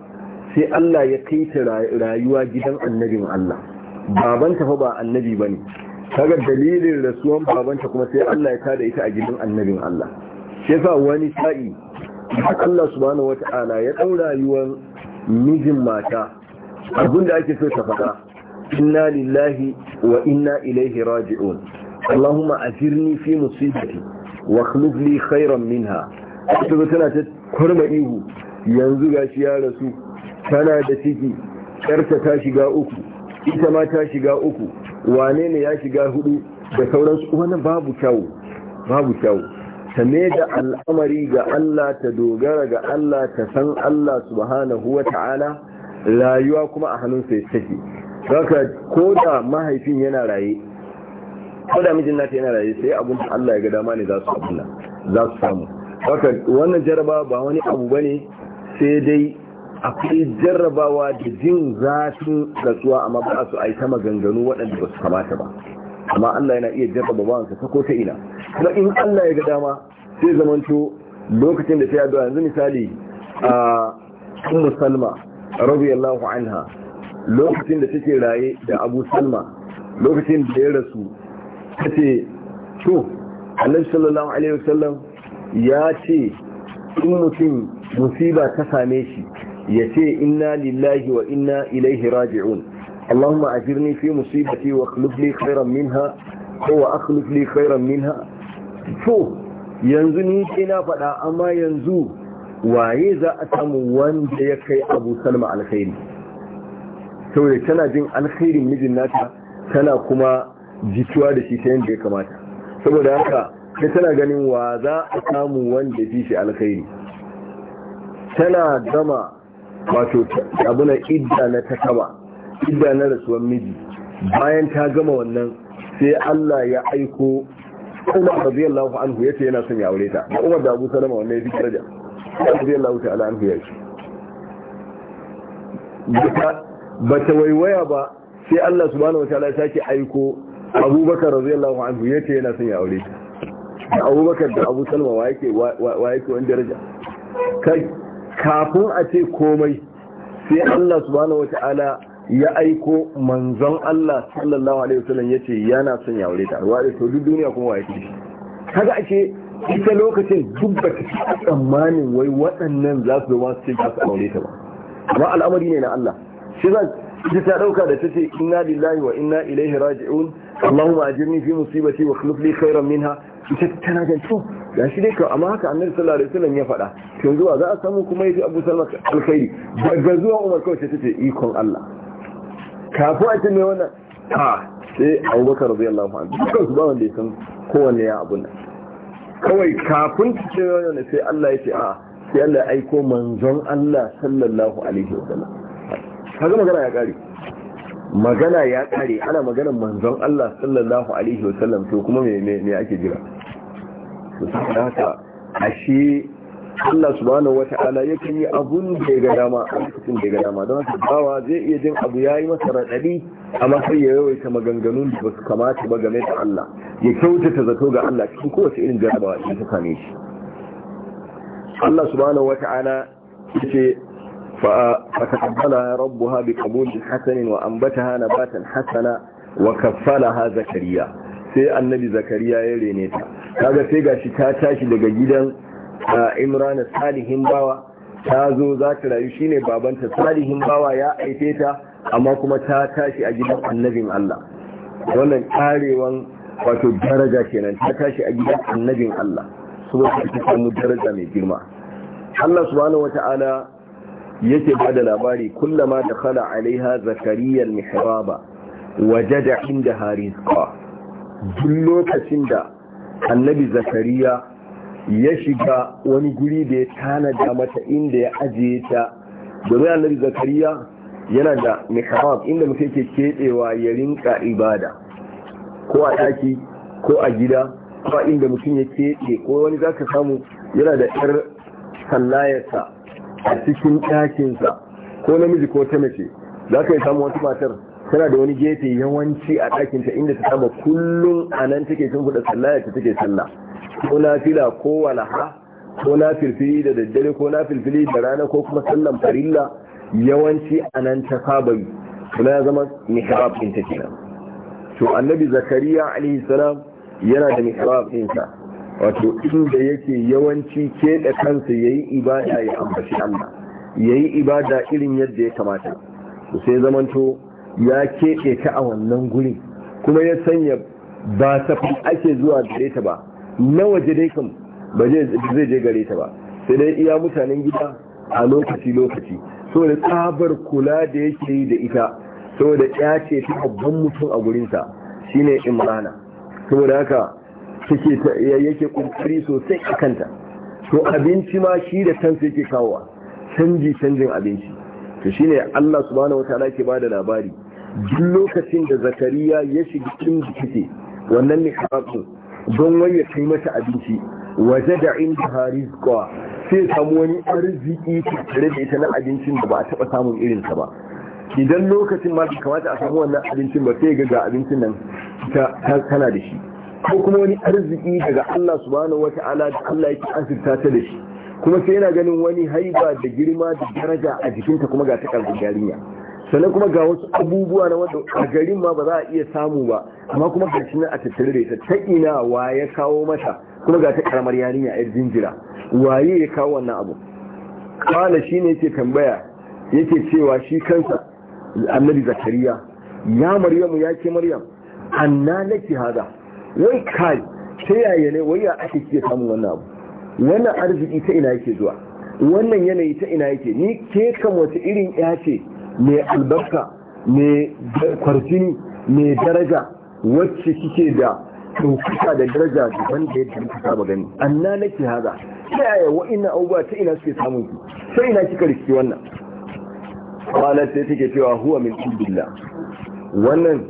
sai Allah ya kai ta rayuwa gidan annabin Allah babanta fa ba annabi ba bane kaga dalilin rasuwan babanta kuma sai Allah ya tada ita a gidan annabin Allah shi wani sa'i Allah subhanahu wata'ala ya daura rayuwar mijin mata abinda ake so ta faɗa inna lillahi wa inna ilaihi raji'un Allahumma asirni fi musibati wa akhlif li khairan minha ta zo tana ta kurma ihu yanzu gashi ya rasu tana da ciki yarta ta shiga uku ita ma ta shiga uku wane ne ya shiga hudu da sauransu wannan babu kyau babu kyau ta da al'amari ga Allah ta dogara ga Allah ta san Allah subhanahu wa ta'ala rayuwa kuma a hannunsa ya take haka ko da mahaifin yana raye ko da mijin nata yana raye sai abun Allah ya ga dama ne za su abunna za su samu haka wannan jaraba ba wani abu bane sai dai akwai jarrabawa da jin zafin rasuwa amma ba su ta maganganu waɗanda ba su kamata ba amma Allah yana iya jarraba bawansa ta ko ta ina kuma in Allah ya ga dama sai zamanto lokacin da ta yaduwa yanzu misali a Ummu Salma radiyallahu anha lokacin da take raye da Abu Salma lokacin da ya rasu tace to Annabi sallallahu alaihi wasallam ya ce in mutum musiba ta same shi ya ce inna lillahi wa inna ilaihi raji'un Allahumma ajirni fi musibati wa akhlif khairan minha ko wa li khairan minha to yanzu ni ke na faɗa amma yanzu waye za a samu wanda ya kai abu salma alkhairi saboda tana jin alkhairin mijin nata tana kuma jituwa da shi ta yadda ya kamata saboda haka sai tana ganin wa za a samu wanda ya fi shi alkhairi tana gama wato abuna idda na ta idda na rasuwan miji bayan ta gama wannan sai Allah ya aiko Umar radiyallahu anhu yace yana son ya aure ta Umar da Abu Salama wannan ya fi daraja da ta'ala an ya shi ba ta waiwaya ba sai Allah subhanahu wa ta'ala ya sake aiko abubakar radiyallahu anhu yace yana son ya aure ta abubakar da abu salma wa yake wa yake wani daraja kai kafin a ce komai sai Allah subhanahu wa ta'ala ya aiko manzon Allah sallallahu alaihi wasallam yace yana son ya aure ta wa da to duk duniya kuma wa yake kaga ake ita lokacin duk ba ta tsammanin wai waɗannan za su zama su ce za su aure ta ba amma al'amari ne na Allah shi za ita ta ɗauka da ta ce inna lillahi wa inna ilaihi raji'un Allahumma ajirni fi musibati wa khlif li khairan minha ita tana ga to ga shi dai ka amma haka annabi sallallahu alaihi wasallam ya faɗa to zuwa za a samu kuma yaji Abu Salma alkhairi daga zuwa Umar kawai ta ce ikon Allah kafin a ce mai wannan ah sai Abubakar radiyallahu anhu dukkan su ba wanda ya san kowanne ya abun nan kawai kafin cikin wannan sai Allah ya ce a sai Allah ya aiko manzon Allah sallallahu alaihi wasallam kaga magana ya kare magana ya kare ana magana manzon Allah sallallahu alaihi wasallam to kuma me me ake jira to haka ashe Allah subhanahu wata'ala yakan yi abun da ya ga dama a cikin da ya ga dama don haka bawa zai iya jin abu yayi masa radadi amma sai ya yawaita maganganun da su kamata ba game da Allah ya kyautata zato ga Allah cikin kowace irin jarabawa in ta same shi Allah subhanahu wata'ala yace fa fataqabbala rabbuha biqabulin hasanin wa anbataha nabatan hasana wa kaffalaha zakariya sai annabi zakariya ya rene ta kaga sai gashi ta tashi daga gidan Imran salihin bawa ta zo za ta rayu shine babanta salihin bawa ya aife ta amma kuma ta tashi a gidan annabin Allah wannan karewan wato daraja kenan ta tashi a gidan annabin Allah saboda ta samu daraja mai girma Allah subhanahu wata'ala yake bada labari kullama dakhala alaiha zakariya al-mihraba wajada inda rizqa duk lokacin da annabi zakariya ya shiga wani guri da ya tanada mata inda ya ajiye ta domin annabi zakariya yana da mihrab inda mutum ke kebewa ya rinka ibada ko a daki ko a gida ko inda mutum ya kebe ko wani zaka samu yana da yar sallayarsa a cikin ɗakinsa ko namiji ko ta mace za ka yi samu wata matar tana da wani gefe yawanci a ɗakinta inda ta saba kullum a nan take tun fuda sallah ta take sallah ko na fila ko walaha ko na filfili da daddare ko na filfili da rana ko kuma sallan farilla yawanci a nan ta saba yi suna ya zama mihrab ɗin ta kenan to annabi zakariya alaihi salam yana da mihrab ɗinsa wato inda yake yawanci keɗe kansa ya yi ibada ya ambaci allah ya yi ibada irin yadda ya kamata sai zamanto ya keɗe ta a wannan gurin kuma ya sanya ba safi ake zuwa gare ta ba na waje dai kam ba zai je gare ta ba sai dai iya mutanen gida a lokaci-lokaci saboda tsabar kula da yake yi da ita saboda ya ce ta babban mutum a gurinsa shine imrana saboda haka yake kokari sosai a kanta to abinci ma shi da kansa yake kawowa canji canjin abinci to shine Allah subhanahu wataala ke da labari duk lokacin da zakariya ya shiga cikin jikite wannan ne don wai ya kai mata abinci waje da inda harizqa sai ya samu wani arziki tare da ita na abincin da ba a taɓa samun irinsa ba idan lokacin ma kamata a samu wannan abincin ba sai ga abincin nan ta tana da shi ko kuma wani arziki daga Allah subhanahu ala da Allah yake asirta ta da shi kuma sai yana ganin wani haiba da girma da daraja a jikinta kuma ga ta kalbin sannan kuma ga wasu abubuwa na wanda a garin ma ba za a iya samu ba amma kuma ga shi nan a tattare da ita ta ina wa ya kawo mata kuma ga ta karamar yarinya a jinjira waye ya kawo wannan abu kala shi ne yake tambaya yake cewa shi kansa annabi zakariya ya Maryam ya ke maryam anna laki haza. wai kai ta yaya ne wai ya ake ke samun wannan abu wannan arziki ta ina yake zuwa wannan yanayi ta ina yake ni ke kan wace irin ya ce mai albarka mai kwarjini mai daraja wacce kike da ɗaukaka da daraja daban da yadda muka saba gani anna nake haza ta yaya ina abubuwa ta ina suke samun ki sai ina kika riski wannan kwanar sai take cewa huwa min indillah wannan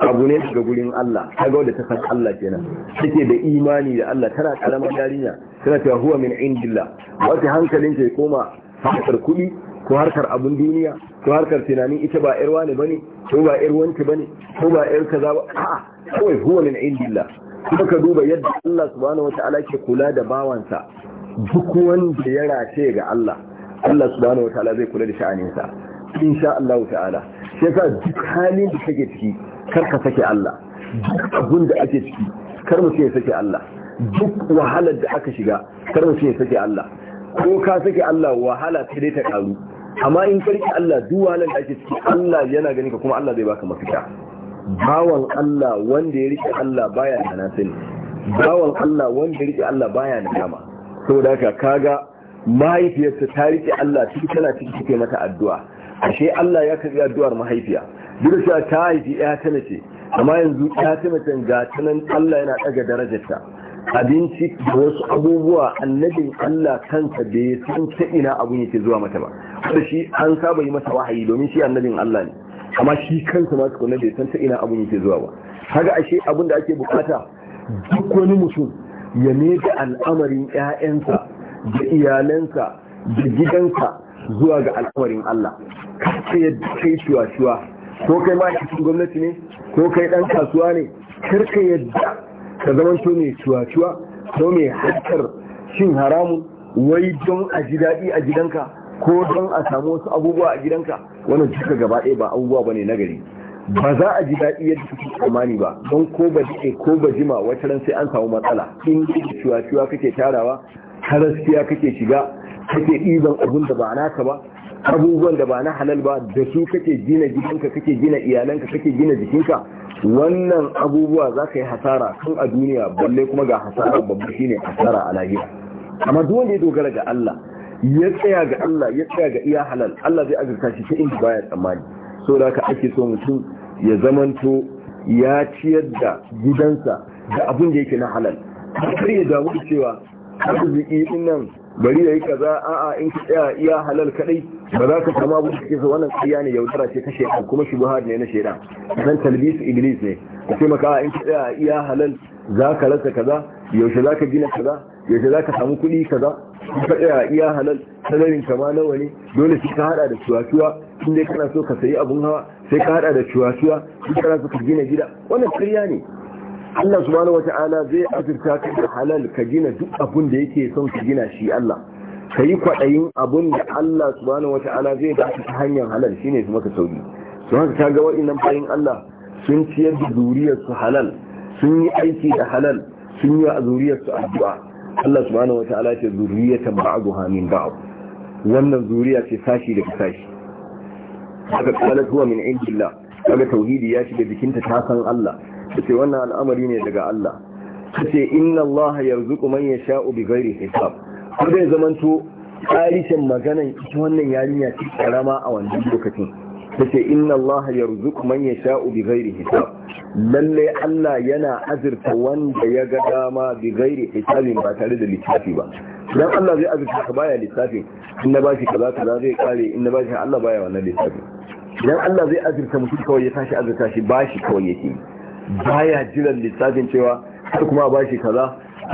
abu ne daga gurin Allah kaga wanda ta san Allah kenan take da imani da Allah tana karamar yarinya tana cewa huwa min indillah wata hankalin ta ya koma fakar kuɗi ko harkar abun duniya ko harkar tunanin ita ba yar wani bane ko ba irwanta bane ko ba yar kaza ba a'a kawai huwa min indillah kuma ka duba yadda Allah subhanahu wataala ke kula da bawansa duk wanda ya race ga Allah Allah subhanahu wataala zai kula da sha'aninsa insha Allah ta'ala shi yasa duk halin da kake ciki kar ka sake Allah duk abun da ake ciki kar mu ya sake Allah duk wahalar da aka shiga kar mu ya sake Allah ko ka sake Allah wahala ta dai ta karu amma in karki Allah duk nan da ake ciki Allah yana ganin ka kuma Allah zai baka mafita bawan Allah wanda ya rike Allah baya da nasani bawan Allah wanda ya rike Allah baya da dama da haka kaga mahaifiyarsa ta rike Allah tun tana ciki take mata addu'a ashe Allah ya karbi addu'ar mahaifiya duk da ta haifi ya ta ce amma yanzu ya ta mace ga tanan Allah yana daga darajarta abinci da wasu abubuwa annabin Allah kansa bai san ta ina abun yake zuwa mata ba karshe shi an saba yi masa wahayi domin shi annabin Allah ne amma shi kansa ma tukuna bai san ta ina abun yake zuwa ba kaga ashe abun da ake bukata duk wani mutum ya da al'amarin ƴaƴansa da iyalansa da gidansa zuwa ga al'amarin Allah kar yadda kai shuwa-shuwa ko kai ma'aikacin gwamnati ne ko kai ɗan kasuwa ne kar ka yadda ka zama to mai shuwa-shuwa ko mai hakkar shin haramun wai don a ji daɗi a gidanka ko don a samu wasu abubuwa a gidanka wani duka gaba ɗaya ba abubuwa ba ne nagari. ba za a ji daɗi yadda kake tsammani ba don ko ba jike ko ba jima wata ran sai an samu matsala in ciwa ciwa kake tarawa haraskiya kake shiga kake ɗiban abun da ba naka ba abubuwan da ba na halal ba da su kake gina gidanka kake gina iyalanka kake gina jikinka wannan abubuwa za ka yi hasara tun a duniya balle kuma ga hasara babba ne hasara a lahira amma duk wanda ya dogara ga Allah ya tsaya ga Allah ya tsaya ga iya halal Allah zai azurta shi ta inda baya tsammani so da ka ake so mutum ya zamanto ya ciyar da gidansa da abin da yake na halal har ya damu cewa arziki din nan bari ya yi kaza a'a in ka tsaya iya halal kadai ba za ka samu abin da kake so wannan tsaya ne yaudara ce ta shaidan kuma buhari ne na shaidan zan talbisu iblis ne ka ce maka in ka tsaya iya halal za ka rasa kaza yaushe za ka gina kaza yaushe za ka samu kuɗi kaza in ka tsaya iya halal salarin kama nawa ne dole sai ka haɗa da cuwa-cuwa in dai kana so ka sayi abun hawa sai ka haɗa da cuwa-cuwa in kana so ka gina gida wannan karya ne Allah subhanahu wata'ala zai azurta ka da halal ka gina duk abun da yake son ka gina shi Allah ka yi kwaɗayin abun da Allah subhanahu zai ba ta hanyar halal shine su maka sauri. su haka ka ga waɗannan bayin Allah sun ciyar da zuriyarsu halal sun yi aiki da halal sun yi a zuriyarsu addu'a Allah subhanahu wata'ala ce zuriyatan ba'dha min ba'd wannan zuriya ce sashi daga sashi haka qalat huwa min indillah Daga tauhidi ya shiga jikinta ta san Allah tace wannan al'amari ne daga Allah tace inna Allah yarzuqu man yasha'u bighairi hisab ko dai zamanto tsarishin maganan ita wannan yarinya ce karama a wannan lokacin tace inna Allah ya yarzuqu man yasha'u bi ghairi hisab lalle Allah yana azurta wanda ya ga dama bi ghairi hisabin ba tare da lissafi ba dan Allah zai azurta ka baya lissafi in na bashi kaza kaza zai kare in na bashi Allah baya wannan lissafi dan Allah zai azurta mutum kawai ya tashi azurta shi ba shi kawai yake baya jiran lissafin cewa har kuma bashi kaza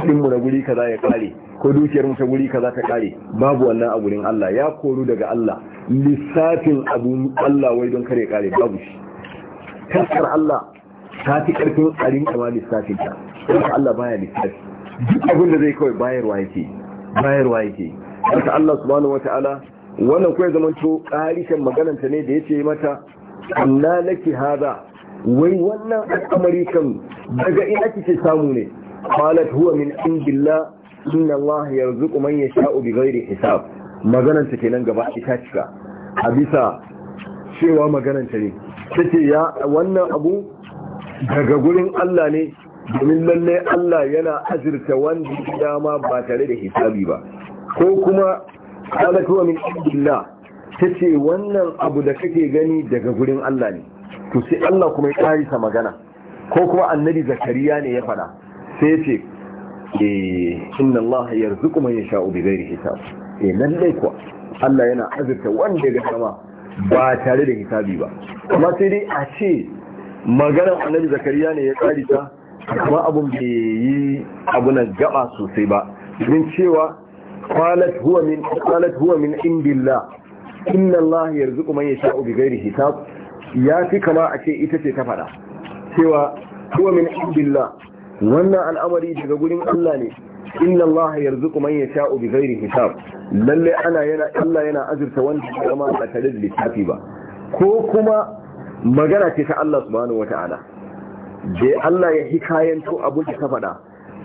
in mu na guri kaza ya kare ko dukiyar mutum wuri za ta kare babu wannan a gurin Allah ya koru daga Allah lissafin abu Allah wai don kare kare babu shi kaskar Allah ta fi karfin tsarin kama lissafin ta kuma Allah baya lissafi duk abin da zai kawai bayarwa yake bayarwa yake haka Allah subhanahu ala, wannan kuwa zaman to karishin magananta ne da ya yi mata anna laki hada wai wannan al'amari kan daga ina kike samu ne qalat huwa min indillah inna Allah yarzuqu man yasha'u da hisab Magananta ke nan gaba ita cika a bisa cewa magananta ta ne ya wannan abu daga gurin Allah ne domin lalle Allah yana azirta wanda dama ba tare da hisabi ba ko kuma alatuwa min ta ce wannan abu da kake gani daga gurin Allah ne to sai Allah kuma ya karisa magana ko kuma annabi zakariya ne ya fada sai ya ce eh inna Allah ya yarzuqu man yasha'u bi ghairi hisab Nan eh, lallai kuwa Allah yana azurta wanda ga sama ba tare da hisabi ba amma sai dai a ce maganar annabi zakariya ne ya tsari ta kuma abun bai yi abuna gaba sosai ba domin cewa qalat huwa min qalat huwa min indillah inna Allah ya yarzuqu man yasha'u bi ghairi hisab ya fi kama a ce ita ce ta faɗa. cewa huwa min indillah wannan al'amari daga gurin Allah ne inna Allah yarzuqu man yasha'u bi ghairi hisab lalle ana yana Allah yana azurta wanda ya ma ba tare da lissafi ba ko kuma magana ce ta Allah subhanahu wata'ala Je Allah ya hikayanto abu da ka faɗa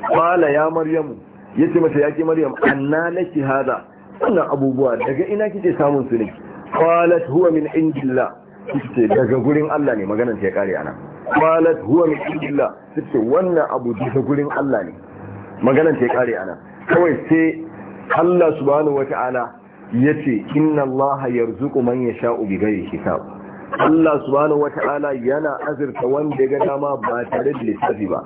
qala ya maryam yace mata ya ki maryam anna laki hada wannan abubuwa daga ina kike samun su ne qalat huwa min indillah kike daga gurin Allah ne maganar ta ya kare ana qalat huwa min indillah sai wannan abu daga gurin Allah ne maganar ta kare ana kawai sai Allah subhanahu wata'ala yace inna Allah yarzuqu man yasha'u bighairi hisab Allah subhanahu wata'ala yana azurta wanda ga dama ba tare da lissafi ba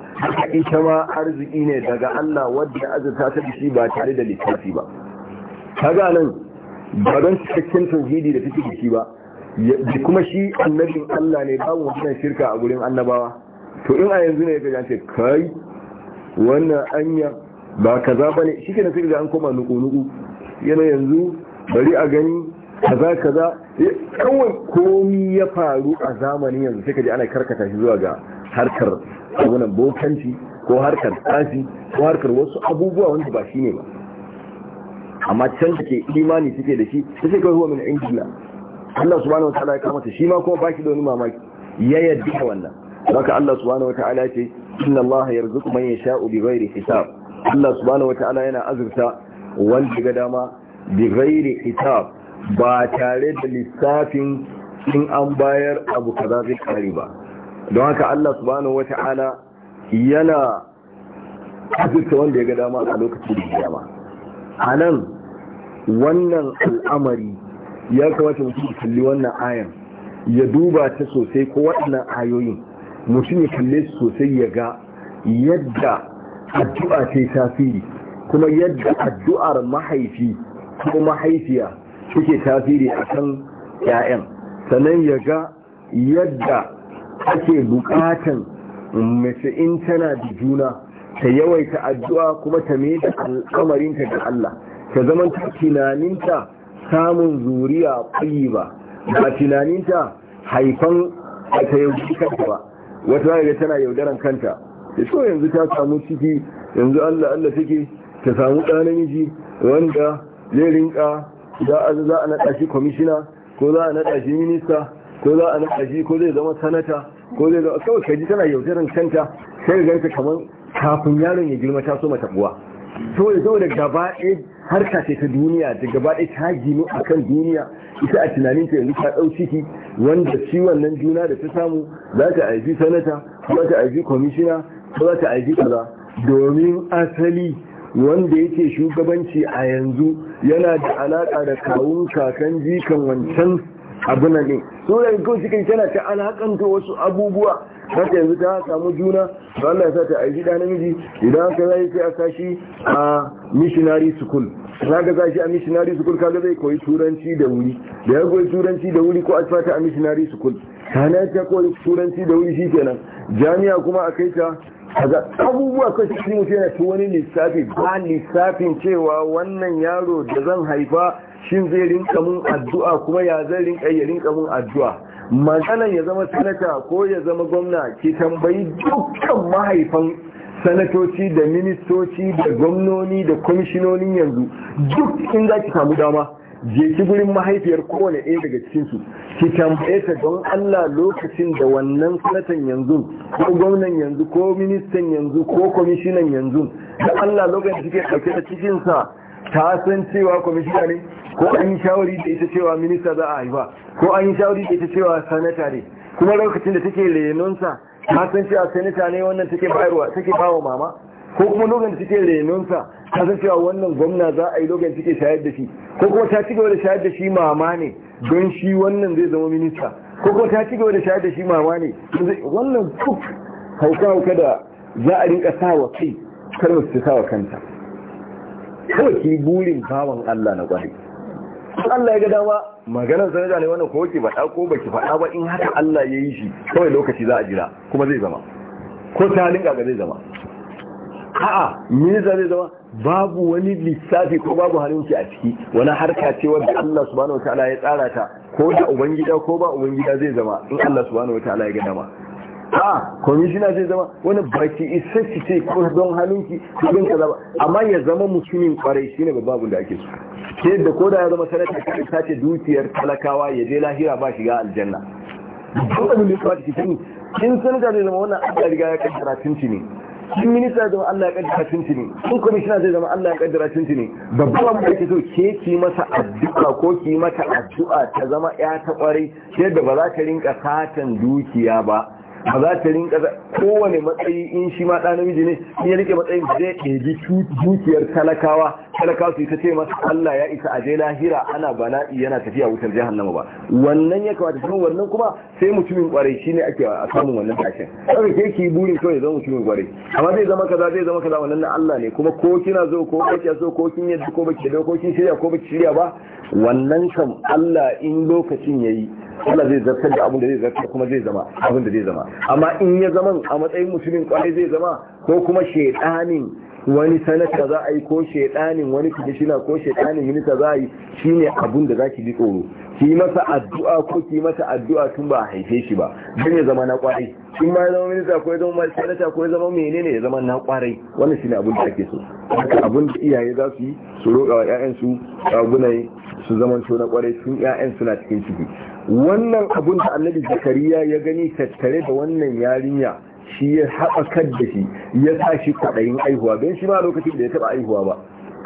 ita ma arziki ne daga Allah wanda azurta ta shi ba tare da lissafi ba kaga nan ba don cikakken tauhidi da take ba kuma shi annabin Allah ne babu wannan shirka a gurin annabawa to in a yanzu ne ya ce kai wannan anya ba kaza bane shike na sai an koma nuku nuku yana yanzu bari a gani kaza kaza eh, kawai komi ya faru a zamani yanzu sai ka ana karkata shi zuwa ga harkar wannan bokanci ko harkar tsafi ko harkar wasu abubuwa wanda ba ne ba amma can take imani suke da shi sai kawai huwa min indillah Allah subhanahu wataala ya kamata shi ma kuma baki da wani mamaki ya yadda wannan haka Allah subhanahu wataala ya ce inna Allah yarzuqu man yasha'u bighairi hisab Allah subhanahu wataala yana azurta wanda ga dama bighairi hisab ba tare da lissafin in an bayar abu kaza zai kare ba don haka Allah subhanahu wataala yana azurta wanda ya ga dama a lokacin da ya dama anan wannan al'amari ya kamata mutum ya kalli wannan ayan ya duba ta sosai ko waɗannan ayoyin mutum ya kalli sosai ya ga yadda addu'a yi tasiri kuma yadda addu'ar mahaifi ko mahaifiya suke tasiri a kan 'ya'yan sannan ya ga yadda ake bukatan mace in tana da juna ta yawaita addu'a kuma ta mai da alkamarinta ga Allah ta zama ta tunaninta samun zuriya ba ba tunaninta haifan a ta yanzu kanta ba wata rana tana yaudaran kanta da so yanzu ta samu ciki yanzu allah allah take ta samu ɗa namiji wanda zai rinka za a za a naɗa shi kwamishina ko za a naɗa shi minista ko za a naɗa shi ko zai zama sanata ko zai zama kawai kaji tana yaudaran kanta sai ganta kamar kafin yaron ya girma ta so mata buwa saboda saboda gaba ɗaya harka ce ta duniya da gaba ɗaya ta ginu a kan duniya ita a tunanin ta yanzu ta ɗau ciki wanda shi wannan juna da ta samu za ta aiki sanata za ta aiki kwamishina za ta aiki kaza domin asali wanda yake shugabanci a yanzu yana da alaƙa da kawun kakan jikan wancan abu na ne tana ta alaƙanta wasu abubuwa haka yanzu ta samu juna da Allah ya sa ta aiki da namiji idan ka zai sai a sashi a missionary school na ga shi a missionary school kaga zai koyi turanci da wuri da ya koyi turanci da wuri ko a fata a missionary school Ta na ta koyi turanci da wuri shikenan jami'a kuma a kai ta kaga abubuwa ko shi mutum yana ta wani lissafi ba lissafin cewa wannan yaro da zan haifa shin zai rinka mun addu'a kuma ya zai rinka ya rinka mun addu'a maganan ya zama sanata ko ya zama gwamna ki tambayi dukkan mahaifan sanatoci da ministoci da gwamnoni da kwamishinonin yanzu duk in za ki samu dama je ki gurin mahaifiyar kowane ɗaya daga cikinsu ki tambaye ta don Allah lokacin da wannan sanatan yanzu ko gwamnan yanzu ko ministan yanzu ko kwamishinan yanzu da Allah lokacin da kike ɗauke da cikinsa ta san cewa kwamishina ne ko an yi shawari da ita cewa minista za a haifa ko an yi shawari da ita cewa sanata ne kuma lokacin da take renonsa ta san cewa sanata ne wannan take bayarwa take bawa mama ko kuma lokacin da take renonsa ta san cewa wannan gwamna za a yi lokacin take shayar da shi ko kuma ta ci gaba da shayar da shi mama ne don shi wannan zai zama minista ko kuma ta ci gaba da shayar da shi mama ne wannan duk hauka hauka da za a rinka sa wa kai kar su sa wa kanta kawai ki burin bawan Allah na kwarai Allah ya ga dama maganar sanada ne wannan ko ki faɗa ko baki faɗa ba in haka Allah ya yi shi kawai lokaci za a jira kuma zai zama ko ta halin kaga zai zama a'a minista zai zama babu wani lissafi ko babu halinki a ciki wani harka ce wadda Allah subhanahu ta'ala ya tsara ta ko da ubangida ko ba ubangida zai zama in Allah subhanahu ta'ala ya ga dama ha ah, kwamishina zai zama wani baki isa ki ce ko don halinki kudin ka zaba amma ya zama musulmin kwarai shine babban babu da ake so ke da ko da ya zama sanata ka ta ce dukiyar talakawa ya je lahira ba shiga aljanna duk abin da ya kamata ki sani sanata zai zama wannan aka riga ya kaddara tunci ne Kin minista zai zama Allah ya kaddara tunci ne in kwamishina zai zama Allah ya kaddara tunci ne babban abin da ke so ke ki masa addu'a ko ki mata addu'a ta zama ya ta kwarai ta yadda ba za ka rinka satan dukiya ba ba za ta rinka kowane matsayi in shi ma namiji ne in ya rike matsayin zai ɗebi dukiyar talakawa talakawa su ta ce masa Allah ya isa a je lahira ana bala'i yana tafiya wutar jahannama ba wannan ya kamata kuma wannan kuma sai mutumin kwarai shine ake a samun wannan tashin kawai ke ki burin kawai zama mutumin kwarai amma zai zama kaza zai zama kaza wannan na Allah ne kuma ko kina zo ko kake so ko kin yadda ko baki da ko kin shirya ko baki shirya ba wannan kam Allah in lokacin yayi Allah zai zartar da abin da zai zartar kuma zai zama abin da zai zama amma in ya zama a matsayin musulmin kwarai zai zama ko kuma shedanin wani sanata za a yi ko shedanin wani kishina ko shedanin minista za a yi shine abin da zaki ji tsoro ki masa addu'a ko ki masa addu'a tun ba a haife shi ba don ya zama na kwarai in ma ya zama minista ko ya zama sanata ko ya zama menene ya zama na kwarai wannan ne abin da ake so haka abin da iyaye za su yi su roƙa wa 'ya'yansu gunai su zama na kwarai tun 'ya'yan suna cikin ciki wannan abun da annabi zakariya ya gani tattare da wannan yarinya shi ya haɓakar da shi ya tashi shi kwaɗayin aihuwa don shi ma lokacin da ya taɓa aihuwa ba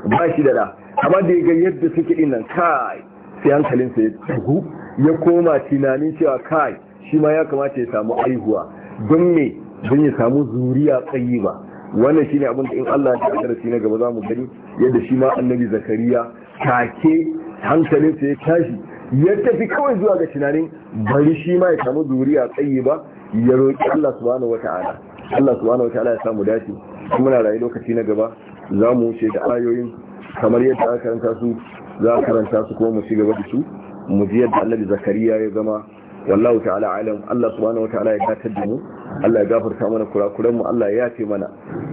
ba shi da da amma da ya ga yadda suke ɗin nan kai sai hankalinsa ya tagu ya koma tunanin cewa kai shi ma ya kamata ya samu aihuwa don me don ya samu zuriya tsayi ba wannan shi ne abin da in Allah ya karanta na gaba za mu gani yadda shi ma annabi zakariya take hankalinsa ya tashi ya tafi kawai zuwa ga tunanin bari shi ma ya samu a tsayi ba ya roƙi Allah subhanahu wata'ala Allah subhanahu wata'ala ya samu dace muna rayu lokaci na gaba za mu wuce da ayoyin kamar yadda aka karanta su za a karanta su kuma mu ci gaba da su mu ji yadda Allah da Zakariya ya zama wallahu ta'ala alam Allah subhanahu wata'ala ya gatar da mu Allah ya gafarta mana kurakuren mu Allah ya yafe mana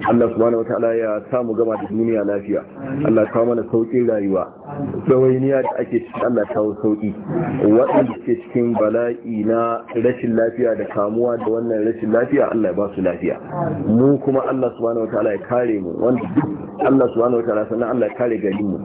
Allah subhanahu wataala ya samu gama da duniya lafiya Allah ya kawo mana sauƙin rayuwa tsawainiya da ake cikin Allah ya kawo sauƙi waɗanda ke cikin bala'i na rashin lafiya da kamuwa da wannan rashin lafiya Allah ya ba su lafiya mu kuma Allah subhanahu wataala ya kare mu wanda Allah subhanahu wataala sannan Allah ya kare garin mu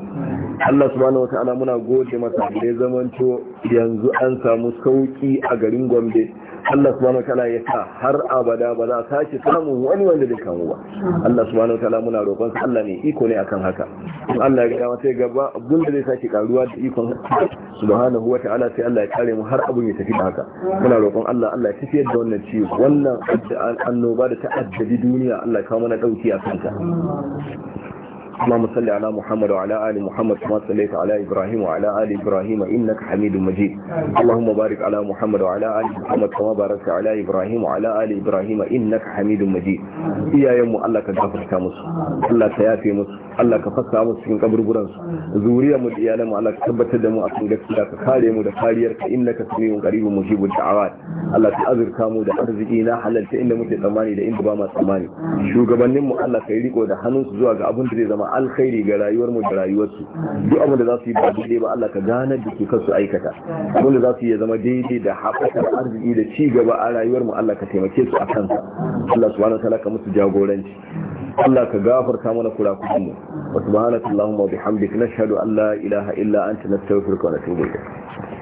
Allah subhanahu wataala muna gode masa da ya zamanto yanzu an samu sauƙi a garin Gombe Allah subhanahu ta'ala ya sa har abada ba za a sake samun wani wanda zai kamu ba Allah subhanahu ta'ala muna roƙon sa Allah ne iko ne akan haka in Allah ya ga sai gaba abun da zai sake karuwa da ikon subhanahu ta'ala sai Allah ya kare mu har abun ya tafi da haka muna roƙon Allah Allah ya tafiyar da wannan ci. wannan annoba da ta addabi duniya Allah ya kawo mana dauki a kanta اللهم صل على محمد وعلى آل محمد كما صليت على إبراهيم وعلى آل إبراهيم إنك حميد مجيد اللهم بارك على محمد وعلى آل محمد كما باركت على إبراهيم وعلى آل إبراهيم إنك حميد مجيد يا يوم الله كغفر كامس الله كيافي مس الله كفسا مس من قبر برنس زوريا مد يا الله كثبت دمو أكن gaskiya ka kare mu da kariyar ka innaka samiun qaribun mujibud da'awat Allah ka azurka mu da arziki na halalta inda muke tsammani da inda ba ma tsammani shugabannin mu Allah ka riko da hannunsu zuwa ga abin da zai zama ma alkhairi ga rayuwar mu da rayuwarsu duk abin da za yi ba daidai ba Allah ka gane da su kansu aikata abin zasu za yi zama daidai da haɓakar arziki da ci gaba a rayuwar mu Allah ka taimake su a kansa Allah subhanahu wa ta'ala ka musu jagoranci Allah ka gafarta mana kurakunmu mu wa subhanakallahumma wa bihamdika nashhadu an la ilaha illa anta nastaghfiruka wa natubu ilayk